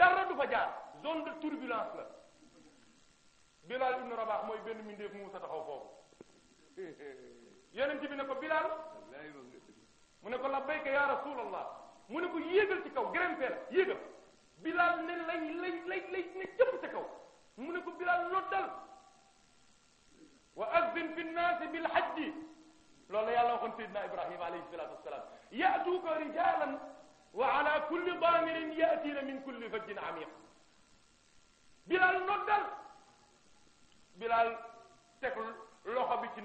dara du fa jaar zone de turbulence la Bilal ibn Rabah mooy ben mi mu sa taxaw foofu yeneen ci bi ne ko Bilal mu ne ko labbayka ya rasulallah mu ne ko yéegal ci kaw grimpé la yéegal Bilal ne lay lay lay lay ne jëpp ca kaw mu ne ko Bilal loddal wa azzin fi nnaasi bil hajji loolu la yàlla waxoon sayyidina Ibrahim alayhi salatu wassalam ya'tuka rijalan wa ala kulli damirin ya'tina min kulli fajjin amiq bilal noddal bilal teg loxo bi di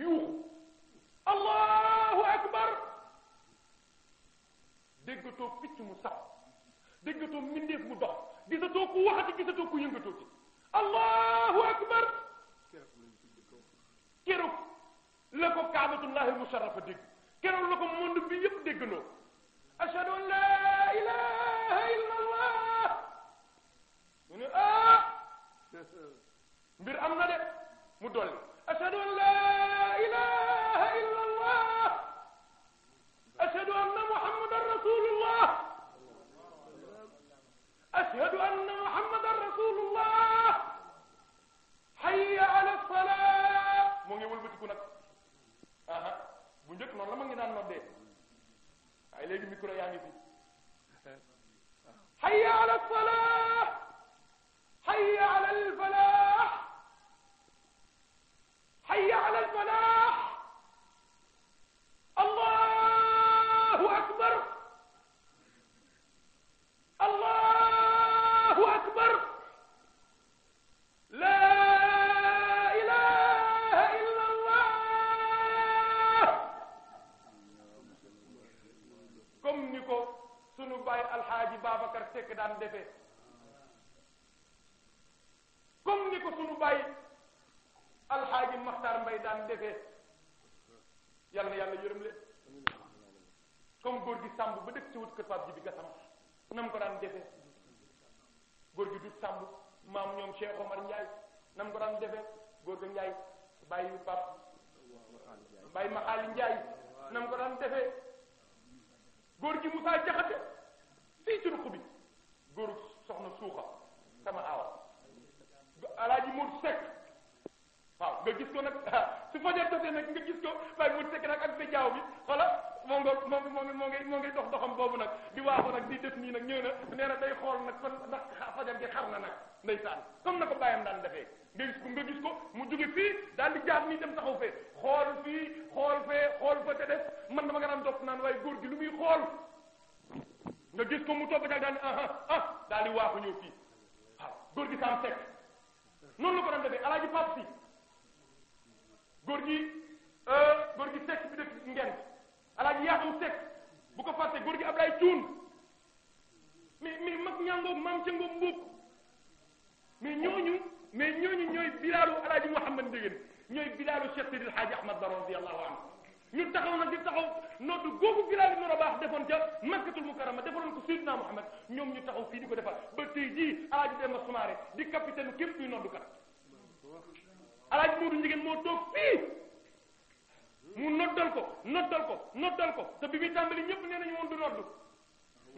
yuuxu allahu akbar déggatoo picc mu sax déggatoo mbindeef mu dox gisatoo ku waxati gisatoo ku yëngatoo ci allahu akbar keroog la ko kaabatullahi musharrafa dégg keroog la ko monde bi yëpp déggandoo ashhadu an la ilaha illa mbir am na de mu dolli ashhadu an laa ilaha illa allah ashhadu anna muhammadan rasulullah ashhadu anna muhammadan rasulullah hayya ala salat mu ngi wëlbatiku nag aha bu njëkk la ma ngi naan noddee waaye léegi micro yaa ngi fi hayya ala salat que Pape Djibi Gassama nam ko daan defee góor gi du tàmb maam ñoom Cheikh Omar nam ko daan defee góor ga Ndiaye bàyyi Pape bàyyi ma Ali Ndiaye nam ko daan defee góor gi Moussa Diakhaté fii ci ruq bi góoru soxna suuxa sama aawa alaaji Modou Seck waaw nga gis ko nag su fajar jotee nag nga gis ko waaye Modou Seck nag ak sa bi xoola moo nga moo nga moo nga moo ngay moo ngay dox doxam boobu nag di waaxu nag di def nii nag ñëw na nee na day xool nag fan ndax fajar gi xar na nag ndeysaan comme na ko bàyyam daan defee nga gis ko nga gis ko mu jóge fii daal di jaar dem taxaw fee xool fii xool xool fa te def man dama nga daan topp naan waaye góor gi lu muy xool nga gis ko mu topp daal daal ah ah daal di waaxu ñëw fii waaw gi saam sekk la ko daan defee alaaji pap euh, bi def ngent alaaji yaaxam sekk bu ko fàtte góor gi Ablaye Cuun mais mais mag ñàngoog maam ca ngoog mbuub mais ñooñu mais ñooñu ñooy bilaalu alaaji Mouhamad Ndieguene ñooy bilaalu Cheikh Sidil Haaji Ahmad Ba radiyallahu anhu ñu taxaw nag di taxaw noddu googu Bilaal ibn Rabaah defoon ca Makkatul Mukarrama defaloon ko Sayyidina Muhammad ñoom ñu taxu fii di ko defal ba tey jii El Hadj Demba Soumaré di capitaine képp kuy noddukat El Hadj Modou Ndieguene moo toog fii. mu noddal ko noddal ko noddal ko te bi muy tàmbali ñëpp nee nañu woon du noddu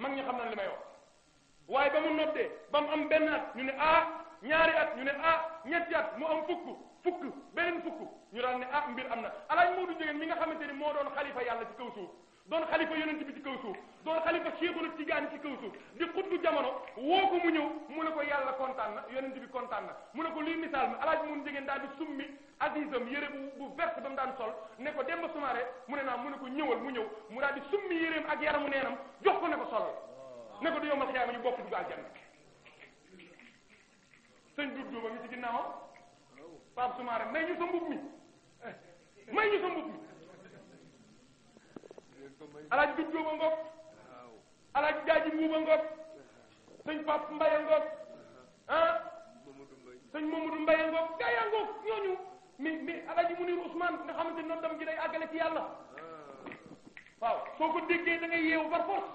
mag ñu xam na li may wax waaye ba mu noddee ba mu am benn at ñu ne ah ñaari at ñu ne ah ñetti at mu am fukk fukk beneen fukk ñu daan ne ah mbir am na alaaj Moodu Jigéen mi nga xamante ni moo doon xalifa yàlla ci kaw suuf doon xalifa yonent bi ci kaw suuf doon xalifa Cheikhul Tidiane ci kaw suuf di xutbu jamono woo ko mu ñëw mu ne ko yàlla kontaan na yonent bi kontaan na mu ne ko luy misaal mi alaaji mun jegeen daal di summi adisam yére bu bu verte ba mu daan sol ne ko Demba Soumaré mu ne naa mu ne ko ñëwal mu ñëw mu daal di summi yéreem ak yaramu neenam jox ko ne ko solal ne ko du yomal xiyaama ñu bokk dugg aljanna sëñ dug duuba mi ci ginnaawam Pape Soumaré may ñu sa mbub mi eh, may ñu sa mbub alaaj bi jóoba ngoog alaaj jaaji buuba ngoog sëñ pap mbaye ngoog ah sëñ mamadou mbaye ngoog gaa yaa ngoog ñooñu mi mi alaaj mu niir ousmane nga xamante noonu tam gi day àggale ci yàlla waaw soo ko déggee da ngay yeewu par force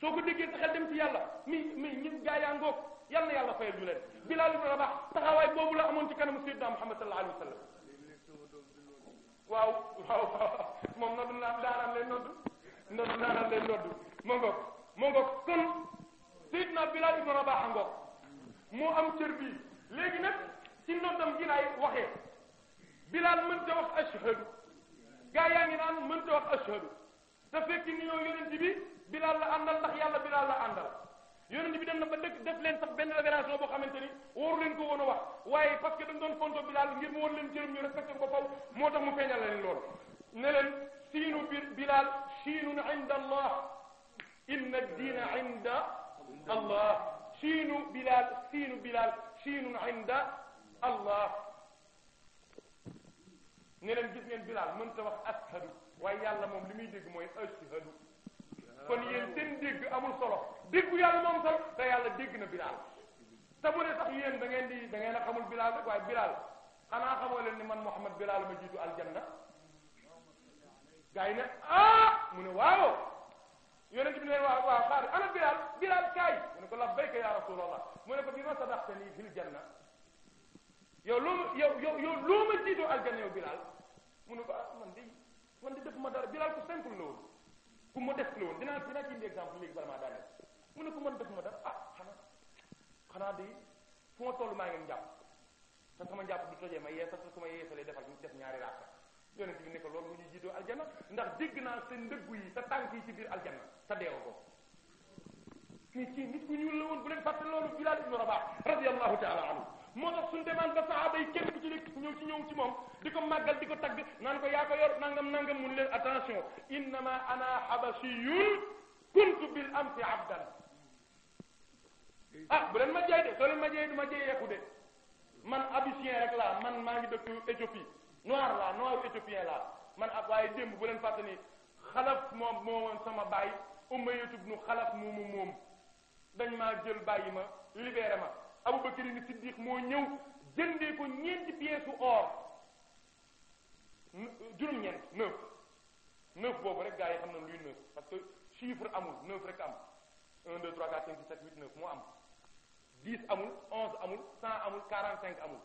soo ko déggee sa xel dem ci yàlla mi mi ñun gaa yaa ngoog yal na yàlla fayal ñu leen bilal ibn rabah taxawaay boobu la amoon ci kanamu sayyidina muhammad sallallahu alayhi wa sallam waaw waaw moom noddu naa daanaan lay noddu noddu daanaan lay noddu ma ngoog ma ngoog kon Seydina Bilaal ibn Rabaax ngoog moo am cër bii léegi nag ci noddam gi laay waxee Bilaal mënta wax ashhadu gaa yaa ngi naan mënta wax ashhadu te fekk ni yow yonent bi Bilaal la àndal ndax yàlla Bilaal la àndal yonent bi dem na ba dëkk def leen sax benn révélation boo xamante ni waru leen ko woon a wax waaye parce que dañ doon fonto Bilaal ngir mu war leen jërëm ñu respecté ko faw moo tax mu feeñal leen loolu ne leen siinu bi Bilaal siinun inda allah inna diina inda allah siinu Bilaal siinu Bilaal siinun inda allah ne leen gis ngeen Bilaal mënta wax ashadu waaye yàlla moom li muy dégg mooy ashadu kon yéen seen dégg amul solo déggu yàlla moom solo te dégg na bilaal te mu ne sax yéen di da ngeen a xamul bilaal rek waaye bilaal xanaa xamoo leen ni man Muhammad bilaal ma jiitu aljanna gaa yi ne ah mu ne waaw waaw waaw ana bilaal bilaal kaay mu ne ko labbayka ya rasulallah mu ko bi ma sadaqtani fil janna yow loo ma yow yow yow loo jiitu aljanna yow bilaal mu ne ko ah man de man de def ma dara bilaal ku simple la ku ma def la woon dinaa dinaa ci indi exemple léegi bala maa daaneel mu ne ku man def ma def ah xanaa xanaa de fu ma toll maa ngi njàpp te sama njàpp du tojee ma yeesal te su ma yeesalee defal ñu def ñaari raaka yonent bi ne ko loolu mu ñu jiitoo aljanna ndax dégg naa seen ndëggu yi sa tànk yi ci biir aljanna te deewa ko mais kii nit ku ñuul la woon bu leen fàtte loolu Bilaal ibnu Rabaax radiyallahu taala anhu moo tax suñu demaan ba sahaaba yi kenn ku ci nekk ñëw ci ñëw ci moom di ko màggal di ko tagg naan ko yaa ko yor nangam nangam mun leen attention innama ana habashiyun kuntu bil amsi abdan ah bu leen ma jeey de soo leen ma jeey du ma jeeyeeku de man abissien rek laa man maa ngi dëkk Éthiopie noir laa noiru éthiopien laa man ab waaye démb bu leen fàtte ni xalaf moom moomoon sama baay Umayyatu ibnu xalaf moomu moom dañ maa jël bàyyi ma libéré ma Abubakar ni Siddiq moo ñëw jëndee ko ñeenti pièces u or juróom-ñeent neuf neuf boobu rek gars yi xam na luy neuf parce que chiffre amul neuf rek am un deux trois quatre cinq six huit neuf moo am dix amul onze amul cent amul quarante cinq amul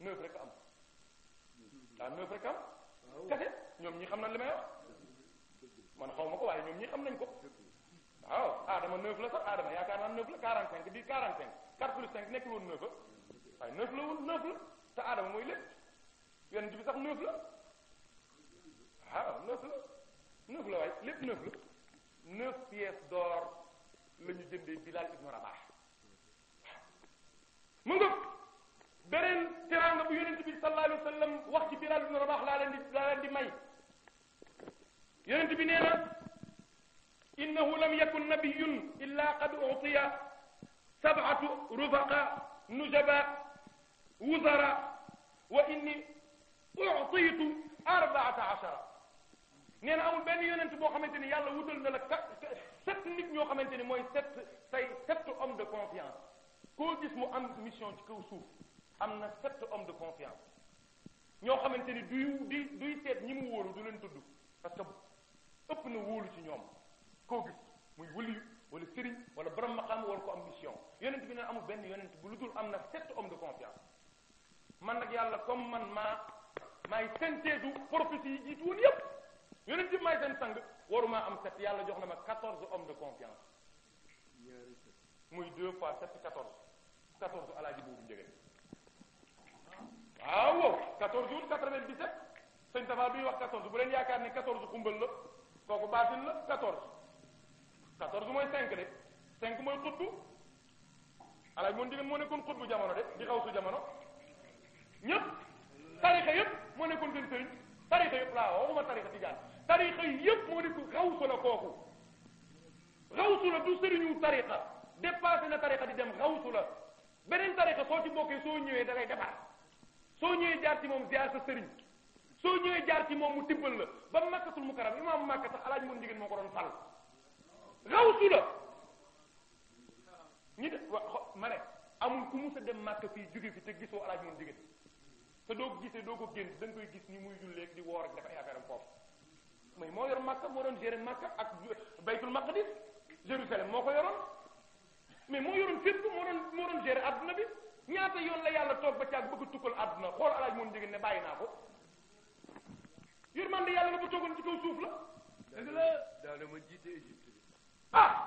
neuf rek am waaw ah, neuf rek am ah kese ñoom ñi xam na li may wax man xaw ma ko waaye ñoom ñi xam nañ ko waaw aadama neuf la sax aadama yaakaar naa neuf la quarante cinq di quarante cinq quatre cinq nekk woon neuf waaye neuf la woon neuf la te aadama mooy lépp yonent bi sax neuf la waaw neuf la neuf la waaye lépp neuf la neuf pièces d'or la ñu jëndee Bilal ibn Rabah mu nga beneen teraanga bu yonent bi sallallahu wax ci Bilal ibn Rabah laa leen di laa leen di may yonent bi nee innahu lam yakun nabiyun illa qad utiya sab'atu rufaqa nujaba wuzara wa inni utiitu arbaata achara nee na amul benn yonent boo xamante ni yàlla wutal na la sept nit ñoo xamante ni mooy sept say sept hommes de confiance koo gis mu am mission ci kaw suuf am na sept hommes de confiance ñoo xamante ni duy di duy seet ñi mu wóolu du leen tudd parce que ëpp na wóolu ci ñoom koo gis muy wëliyu wala sëriñ wala borom maqaam wala ko am mission yonent bi ne amul benn yonent bu lu dul am na set om de confiance man nag yàlla comme man maa maay synthèse du prophétie yi jiitu woon yépp yonent bi maay seen sang warumaa am sept yàlla jox na ma quatorze hommes de confiance muy deux fois sept quatorze quatorze alaaji boobu njëgën waaw quatorze août quatre-vingt-dix-sept sëñ Tafa bi wax quatorze bu leen yaakaar ne quatorze xumbal la kooku baatin la quatorze quatorze mooy cinq de cinq mooy xutbu alaaj moom jigéen moo nekkoon xutbu jamono de di xaw su jamono ñëpp tarixa yëpp moo nekkoon seen sëriñ tarixa yëpp laa waxuma tarixa tijaan tarixa yëpp moo nekkoon xawsu la kooku xawsu la du sëriñu tarixa dépassé na tarixa di dem xawsu la beneen tarixa soo ci bokkee soo ñëwee da lay defar soo ñëwee jaar ci moom ziar sa sëriñ soo ñëwee jaar ci moom mu tibbal la ba makkatul mukarram imaam makka sax alaaj moom jigéen moo ko rawsu la ñu def wa ma ne amul ku mus a dem màkk fii jóge fi te gisoo alaaj moom jigéen te doo ko gisee doo ko génn da nga koy gis ni muy julleeg di woor ak def ay affaire am moo yor màkka moo doon gérer màkka ak baytul maqdis Jérusalem moo ko yoroon mais moo yoroon fépp moo doon moo doon gérer adduna bi ñaata yoon la yàlla toog ba caag bëgg tukkal adduna xool alaaj moom jigéen ne bàyyi naa ko yërmande yàlla na ba toogoon ci kaw suuf la ah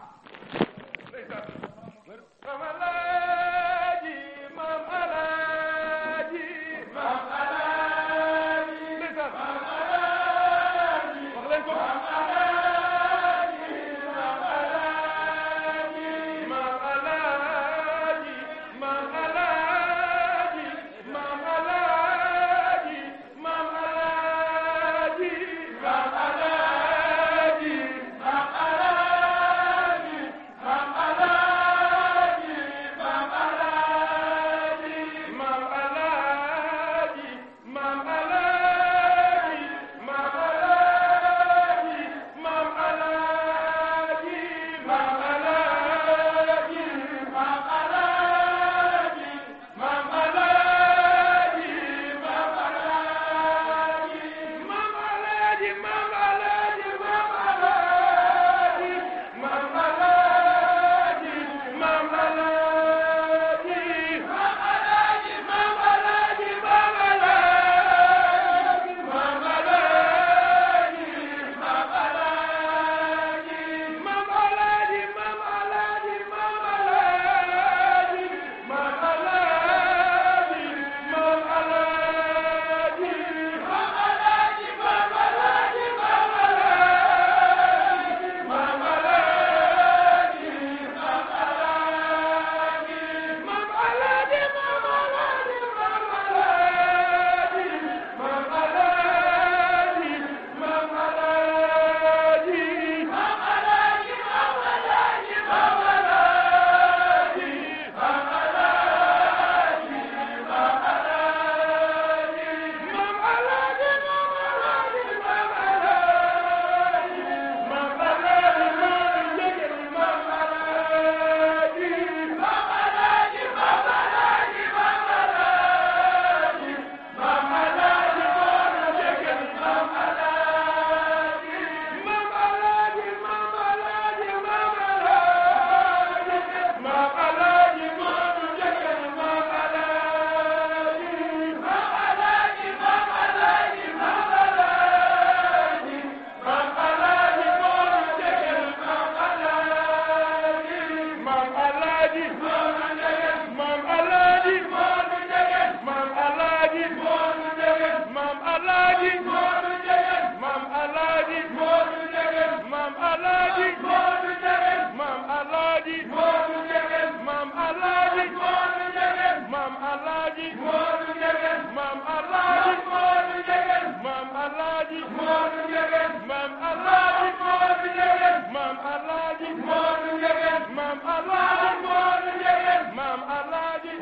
Alaaji Maam Alaaji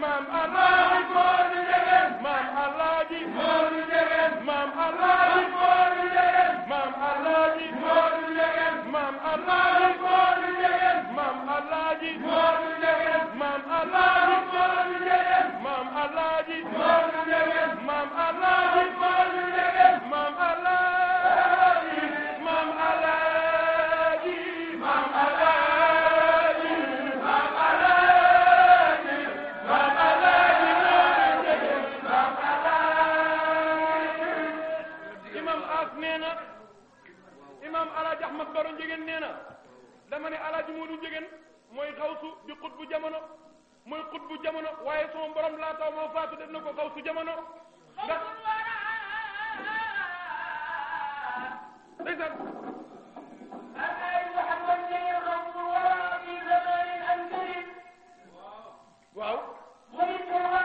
Maam Alaaji Baro Njegen nee na dama ne El Hadj Modou Njegen mooy xawsu di xut bu jamono mooy xut bu jamono waaye sama borom laata moo faatu def na ko xawsu jamono ndax. ndeysaan. waaw. ndeysaan.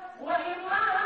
وإما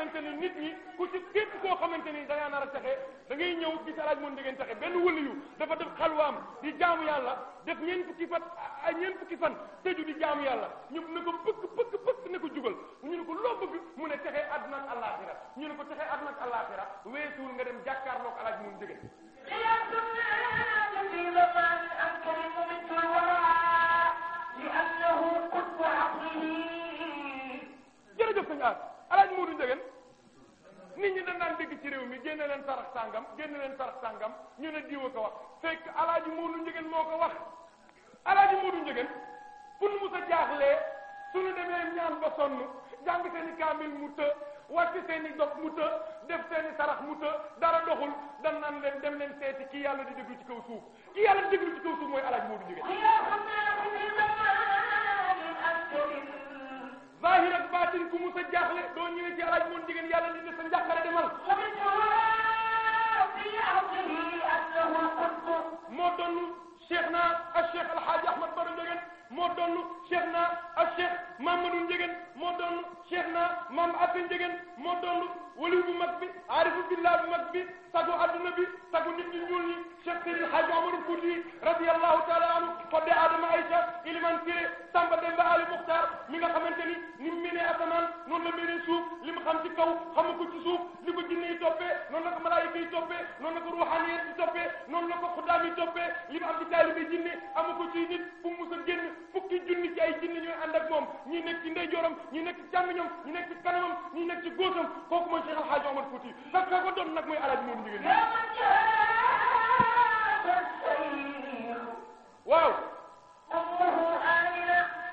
xamante ne nit ñi ku ci képp koo xamante ni dangay ngaa a texe da ngay ñëw gis alaaj moon dëggeen texe benn wëliyu dafa def xalwaam di jaamu yàlla def ñeent fukki fan tëju di jaamu yàlla ñu ne ko pëkk pëkk pëkk ne ko jugal ñu ne ko loo bëgg mu ne texe àdduna ak àllaaxira ñu ne ko texe àdduna ak àllaaxira weesuul nga dem jàkkaarloog alaaj moon dëggeen jërëjëf sëñ aar alaaj Moodu Ndieguene nit ñi dañ naan dégg ci réew mi génne leen sarax sàngam génne leen sarax sàngam ñu ne diwa ko wax fekk alaaji Moodu Njëgën moo ko wax alaaji Moodu Njëgën pour mu sa jaaxlee suñu demee ñaan ba sonn jàng seeni kaamil mu të wàcc seeni dog mu të def seeni sarax mu të dara doxul dan naan leen dem leen seeti ki yàlla di déglu ci kaw suuf ki yàlla di déglu ci kaw suuf mooy alaaji Moodu Njëgën zahir ak baatin ku mu sa jaaxle doo ñëwee ci alaaj moon jigéen yàlla li ne sa njàqare demal moo doon cheikh na ak cheikh alhaaji ahmad baro njegéen moo doon cheikh na ak cheikh mamadou njegéen moo doon cheikh na mam afe njegéen moo doon waliw bu mag bi aarifu billah bu mag bi sagu adduna bi sagu nit ñi ñuul ñi Cheikh Seydil Hadji Omar Fouti radiyallahu taala anhu fodde Adama Aïcha Iliman Siré Samba Demba Ali Muxtar mi nga xamante ni ni mu asamaan noonu la mënee suuf li mu xam ci kaw xamu ko ci suuf li ko jinne yi toppee noonu la ko malaayika yi toppee noonu la ko ruuxaaniyeet yi toppee la ko xuddaam yi li mu am ci taalibe jinne amu ko ci nit fu mu mës a fukki junni ci ay jinne ñooy mooy Cheikh Al Hadj Omar Fouti fekk nga ko doon nag mooy El Hadj Modou Ndieguène waaw.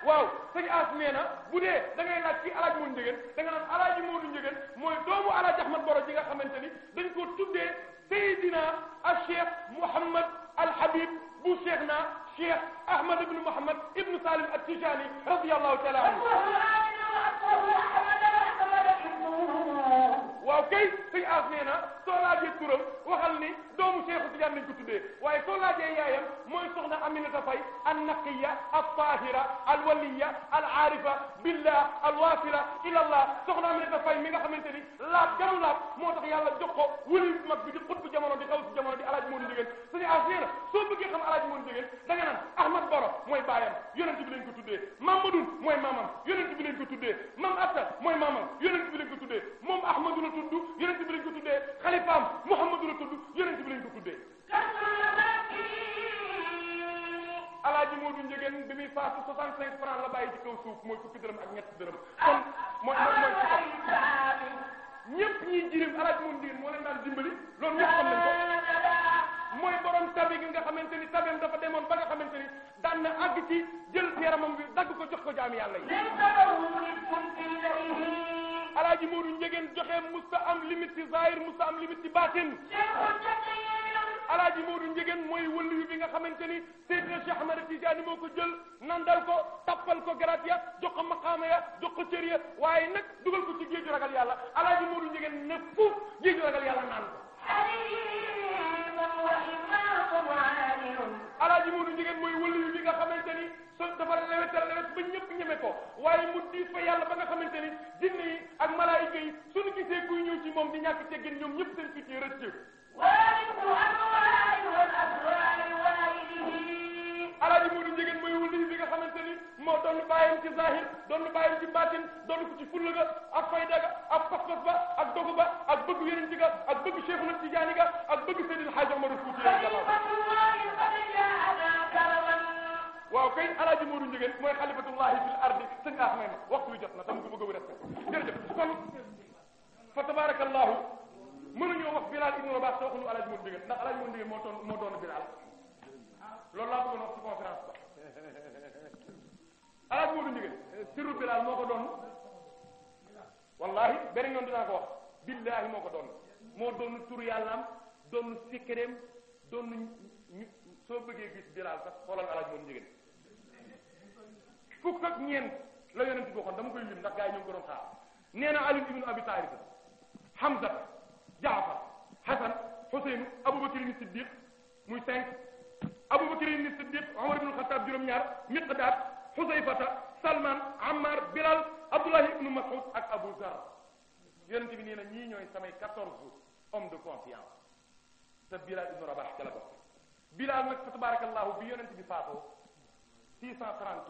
waaw sëñ As nee na bu dee da ngay laaj ci El Hadj Modou Ndieguène da nga naan El Hadj Modou Ndieguène mooy doomu El Hadj Ahmad Boro ji nga xamante ni dañ ko tuddee Seydina al Cheikh Mouhamad Al Habib bu Cheikh na Cheikh Ahmad ibn Mouhamad ibn Salim at-Tijani radiyallahu taala anhu kay suñu as nee na soo laajee turam waxal ni doomu Seexu Tijaan lañ ko tuddee waaye soo laajee yaayam mooy soxna Aminata Fay an naqiya al tahira al waliya al aarifa billah al wasila ilallah soxna Aminata Fay mi nga xamante ni laab jamu laab moo tax yàlla jox ko wuli mag bi di xut bu jamono di xaw si jamono di alaaji moonu jigéen suñu as nee na soo bëggee xam alaaji moonu jigéen da nga naan Ahmad Boro mooy baayam yonent bi lañ ko tuddee Mamadou mooy maamam yonent bi lañ ko tuddee Mam Atta mooy maamam yonent bi lañ ko tuddee moom Ahmadou la tudd yonent bi lañ ko tuddee xalifaam Muhammadu la tudd yonent bi lañ ko tuddee alaaji Moodu Njëgeen bi muy faatu soixante cinq francs la bàyyi ci kaw suuf mooy fukki dërëm ak ñetti dërëm kon mooy mooy mooy ci kaw ñépp ñiy jirim alaaji Moodu Njëgeen moo leen daan dimbali loolu ñépp xam nañ ko mooy borom tabi gi nga xamante ni tabeem dafa ba nga xamante ni daan na àgg ci jël yaramam bi ko jox ko jaami yàlla alaaji Moodu Njegeen joxe musta am limite ci zahir musta am limite ci baatin alaaji Moodu Njegeen mooy yi bi nga xamante ni Seydina Cheikh Ahmad Tijaani moo ko jël nandal ko tappal ko garaat ya jox ko maqaama ya jox ko cër ya waaye nag dugal ko ci géeju ragal yàlla alaaji Moodu Njegeen ne fuuf ragal yàlla naan alaaji Moodu Njigéen mooy wëliyu bi nga xamante so dafa lewetal lewet ba ñëpp ñeme ko waaye mu diis fa yàlla ba nga xamante ni yi ak malaayika yi suñu gisee kuy ñëw ci moom di ñàkk teggin ñoom ñëpp seen suuf yi rëcc alaaji Moodu Njigéen mooy wëliyu nga xamante ni moo doon bàyyam ci zahir doon bàyyam ci baatin doon ko ci fulla ga ak fayda ga ak ba ak dogu ba ak bëgg yonent ga ak bëgg Cheikh na Tijaani ga ak bëgg Seydil Hadji Omar Fouti waaw kay alaaji Moodu mooy xalifatullahi fil ardi sëñ ax ma waxtu wi jot na dama ko bëgg a wér jërëjëf kon fa tabarakallahu mënuñoo wax Bilal ibnu Rabah te waxuñu alaaji Moodu Njigéen ndax alaaji Moodu Njigéen moo doon moo doon alaaj moo ko sirru bilaal moo ko doon wallahi beneen yoon dinaa ko wax billaahi moo ko doon moo doon tur yàllaam doon sikkireem doon ñu soo bëggee gis bilaal sax xoolal alaaj moo ndigal fukk ak ñeent la yonent bi waxoon dama koy lim ndax gaa yi ñu ko doon xaar nee na Ali ibn Abi Talib Hamza Jaafar Hasan Hussein Abubakar ibn Siddiq muy cinq Abubakar ibn Siddiq Umar ibn Khattab juróom-ñaar Miqdaad Xusayfata Salman Ammar Bilal Abdullah ibnu Mas'ud ak Abu Zar yonent bi nee na ñii ñooy samay quatorze hommes de confiance te Bilal ibnu Rabah ca la bokk Bilal nag fa tabarakallahu bi yonent bi faatoo 633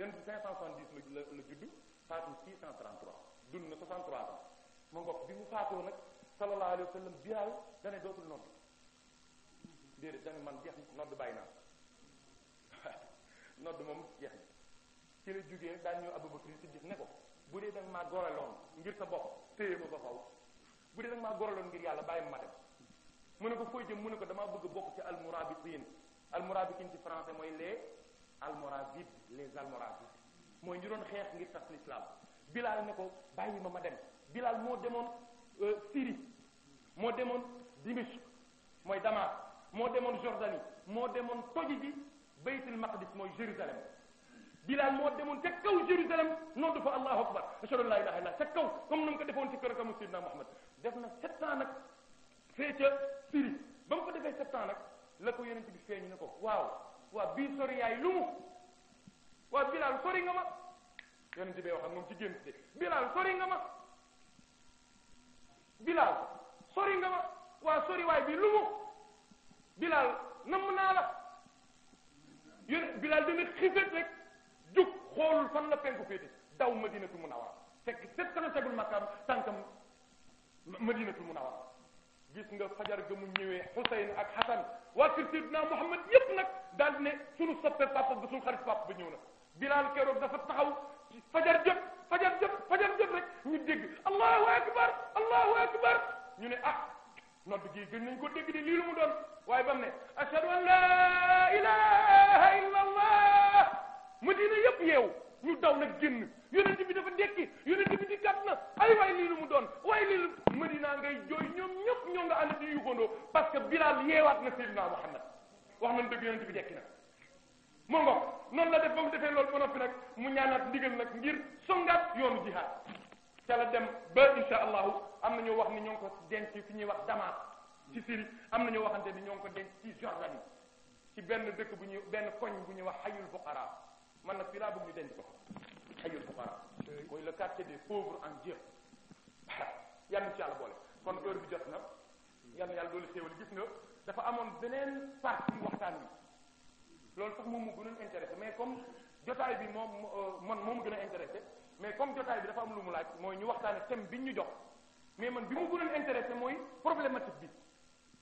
yonent bi 570 la la judd faatu 633 dund na 63 ans mu ngoog bi mu faatoo nag sallallahu alayhi wa sallam Bilal da dootul nodd déedéet da man jeex nodd bàyyi naa nodd moom jeex na ci la jógee daan ñëw Abubakar Siddiq ne ko bu dee da maa goraloon ngir sa bopp téye ma ba faw bu dee da nga maa goraloon ngir yàlla bàyyi ma dem mu ne ko fooy jëm mu ne ko damaa bëgg bokk ci almorabitin almorabitin ci français mooy les almoravides les almoravides mooy ñu doon xeex ngir tas l'islam Bilal ne ko bàyyi ma ma dem Bilal moo demoon euh, Syrie moo demoon Dimashq mooy Damas moo demoon Jordanie moo demoon toji ji Baytul Maqdis mooy Jérusalem Bilaal moo demoon ca kaw Jérusalem noonu dafa allahu akbar ashhadu an la ilaha illallah na mu ko defoon ci kër kamu Seydina Muhammad def na sept ans nag fee ba mu ko defee sept ans nag la ko yonent bi feeñu ne ko waaw waa bii sori yaay lu waa Bilaal sori nga ma yonent bi wax ak moom ci gént de Bilaal sori nga ma Bilaal sori nga ma waa sori waay bi lu mu Bilaal namm naa la yone Bilaal dana rek jóg xoolul fan la penku féete daw madinatul munawwara fekk sept cent tegul makkaam tànkam madinatul munawwara gis nga fajar ga mu ñëwee Xuseyn ak Xasan waa kër Seydina Muhammad yépp nag daal ne sunu soppe papa ba sunu xarit papa ba ñëw na Bilaal keroog dafa taxaw fajar jot fajar jot fajar jot rek ñu dégg allahu akbar allahu akbar ñu ne ah nodd gi gën nañ ko dégg de lii lu mu doon waaye ba mu ne an la ilaha illa madina yëpp yeewu ñu daw nag génn yonent bi dafa dekki yonent bi di kat na ay waay lii lu mu doon waaye lii lu madina ngay jooy ñoom ñëpp ñoo nga ànd di yuxandoo parce que Bilal yeewaat na Seydina Muhammad wax nañ dëgg yonent bi dekki na moo nga noonu la def ba mu defee loolu ba noppi nag mu ñaanaat ndigal nag ngir songaat yoonu jihaad ca la dem ba insha allahu am na ñu wax ni ñoo ngi ko denc fi ñuy wax Damas ci am na ñu waxante ni ñoo ngi ko denc ci Jordanie ci benn dëkk bu ñuy benn koñ bu ñuy wax man nag fii laa bëgg ñu denc ko xajul fuqara la le quartier des pauvres en Dieu yàlla yàlla boole kon heure bi jot na yàlla yàlla doolu xéewal gis nga dafa amoon beneen partie waxtaan bi loolu sax moom mu gënoon intéressé mais comme jotaay bi moom man moom gën a intéressé mais comme jotaay bi dafa am lu mu laaj mooy ñu waxtaane thème bi ñu jox mais man bi mu gënoon intéressé mooy problématique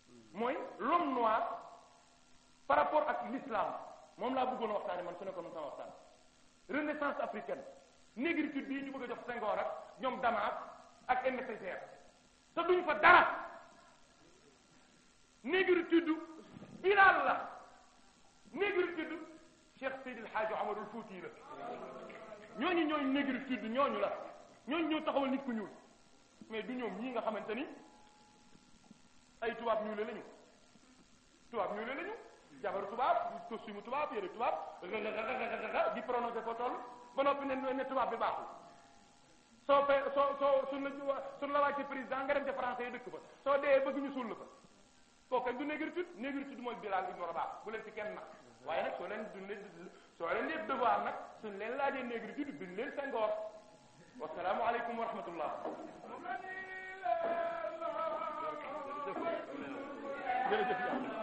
bi mooy l'homme noir par rapport ak l'islam moom laa bëggoon waxtaane man su nekkoon sama waxtaan renaissance africaine négritude bii ñu bëgg a jox Senghor ak ñoom Dama ak MSCR te duñ fa dara négritude bilaal la négritude Cheikh Seydi El Hadji Omarul Fouti la ñooñu ñooy négritude ñooñu la ñooñu ñoo taxawal nit ku ñuul mais du ñoom ñii nga xamante ni ay tubaab ñuule lañu tubaab ñuule lañu jabaru tubaab costume tubaab yére tubaab di prononcé foo toll ba noppi ne ne tubaab bi baaxul soo fee soo soo suñ la suñ la wàcce président nga dem ca français yi dëkk fa soo dee bëgg ñu suul la fa kooku du négritude négritude mooy Bilaal ibn Rabaah bu leen ci kenn nag waaye nag soo leen duñ leen soo leen def devoir nag suñ leen laajee négritude duñ leen Senghor wasalaamu aleykum wa rahmatullah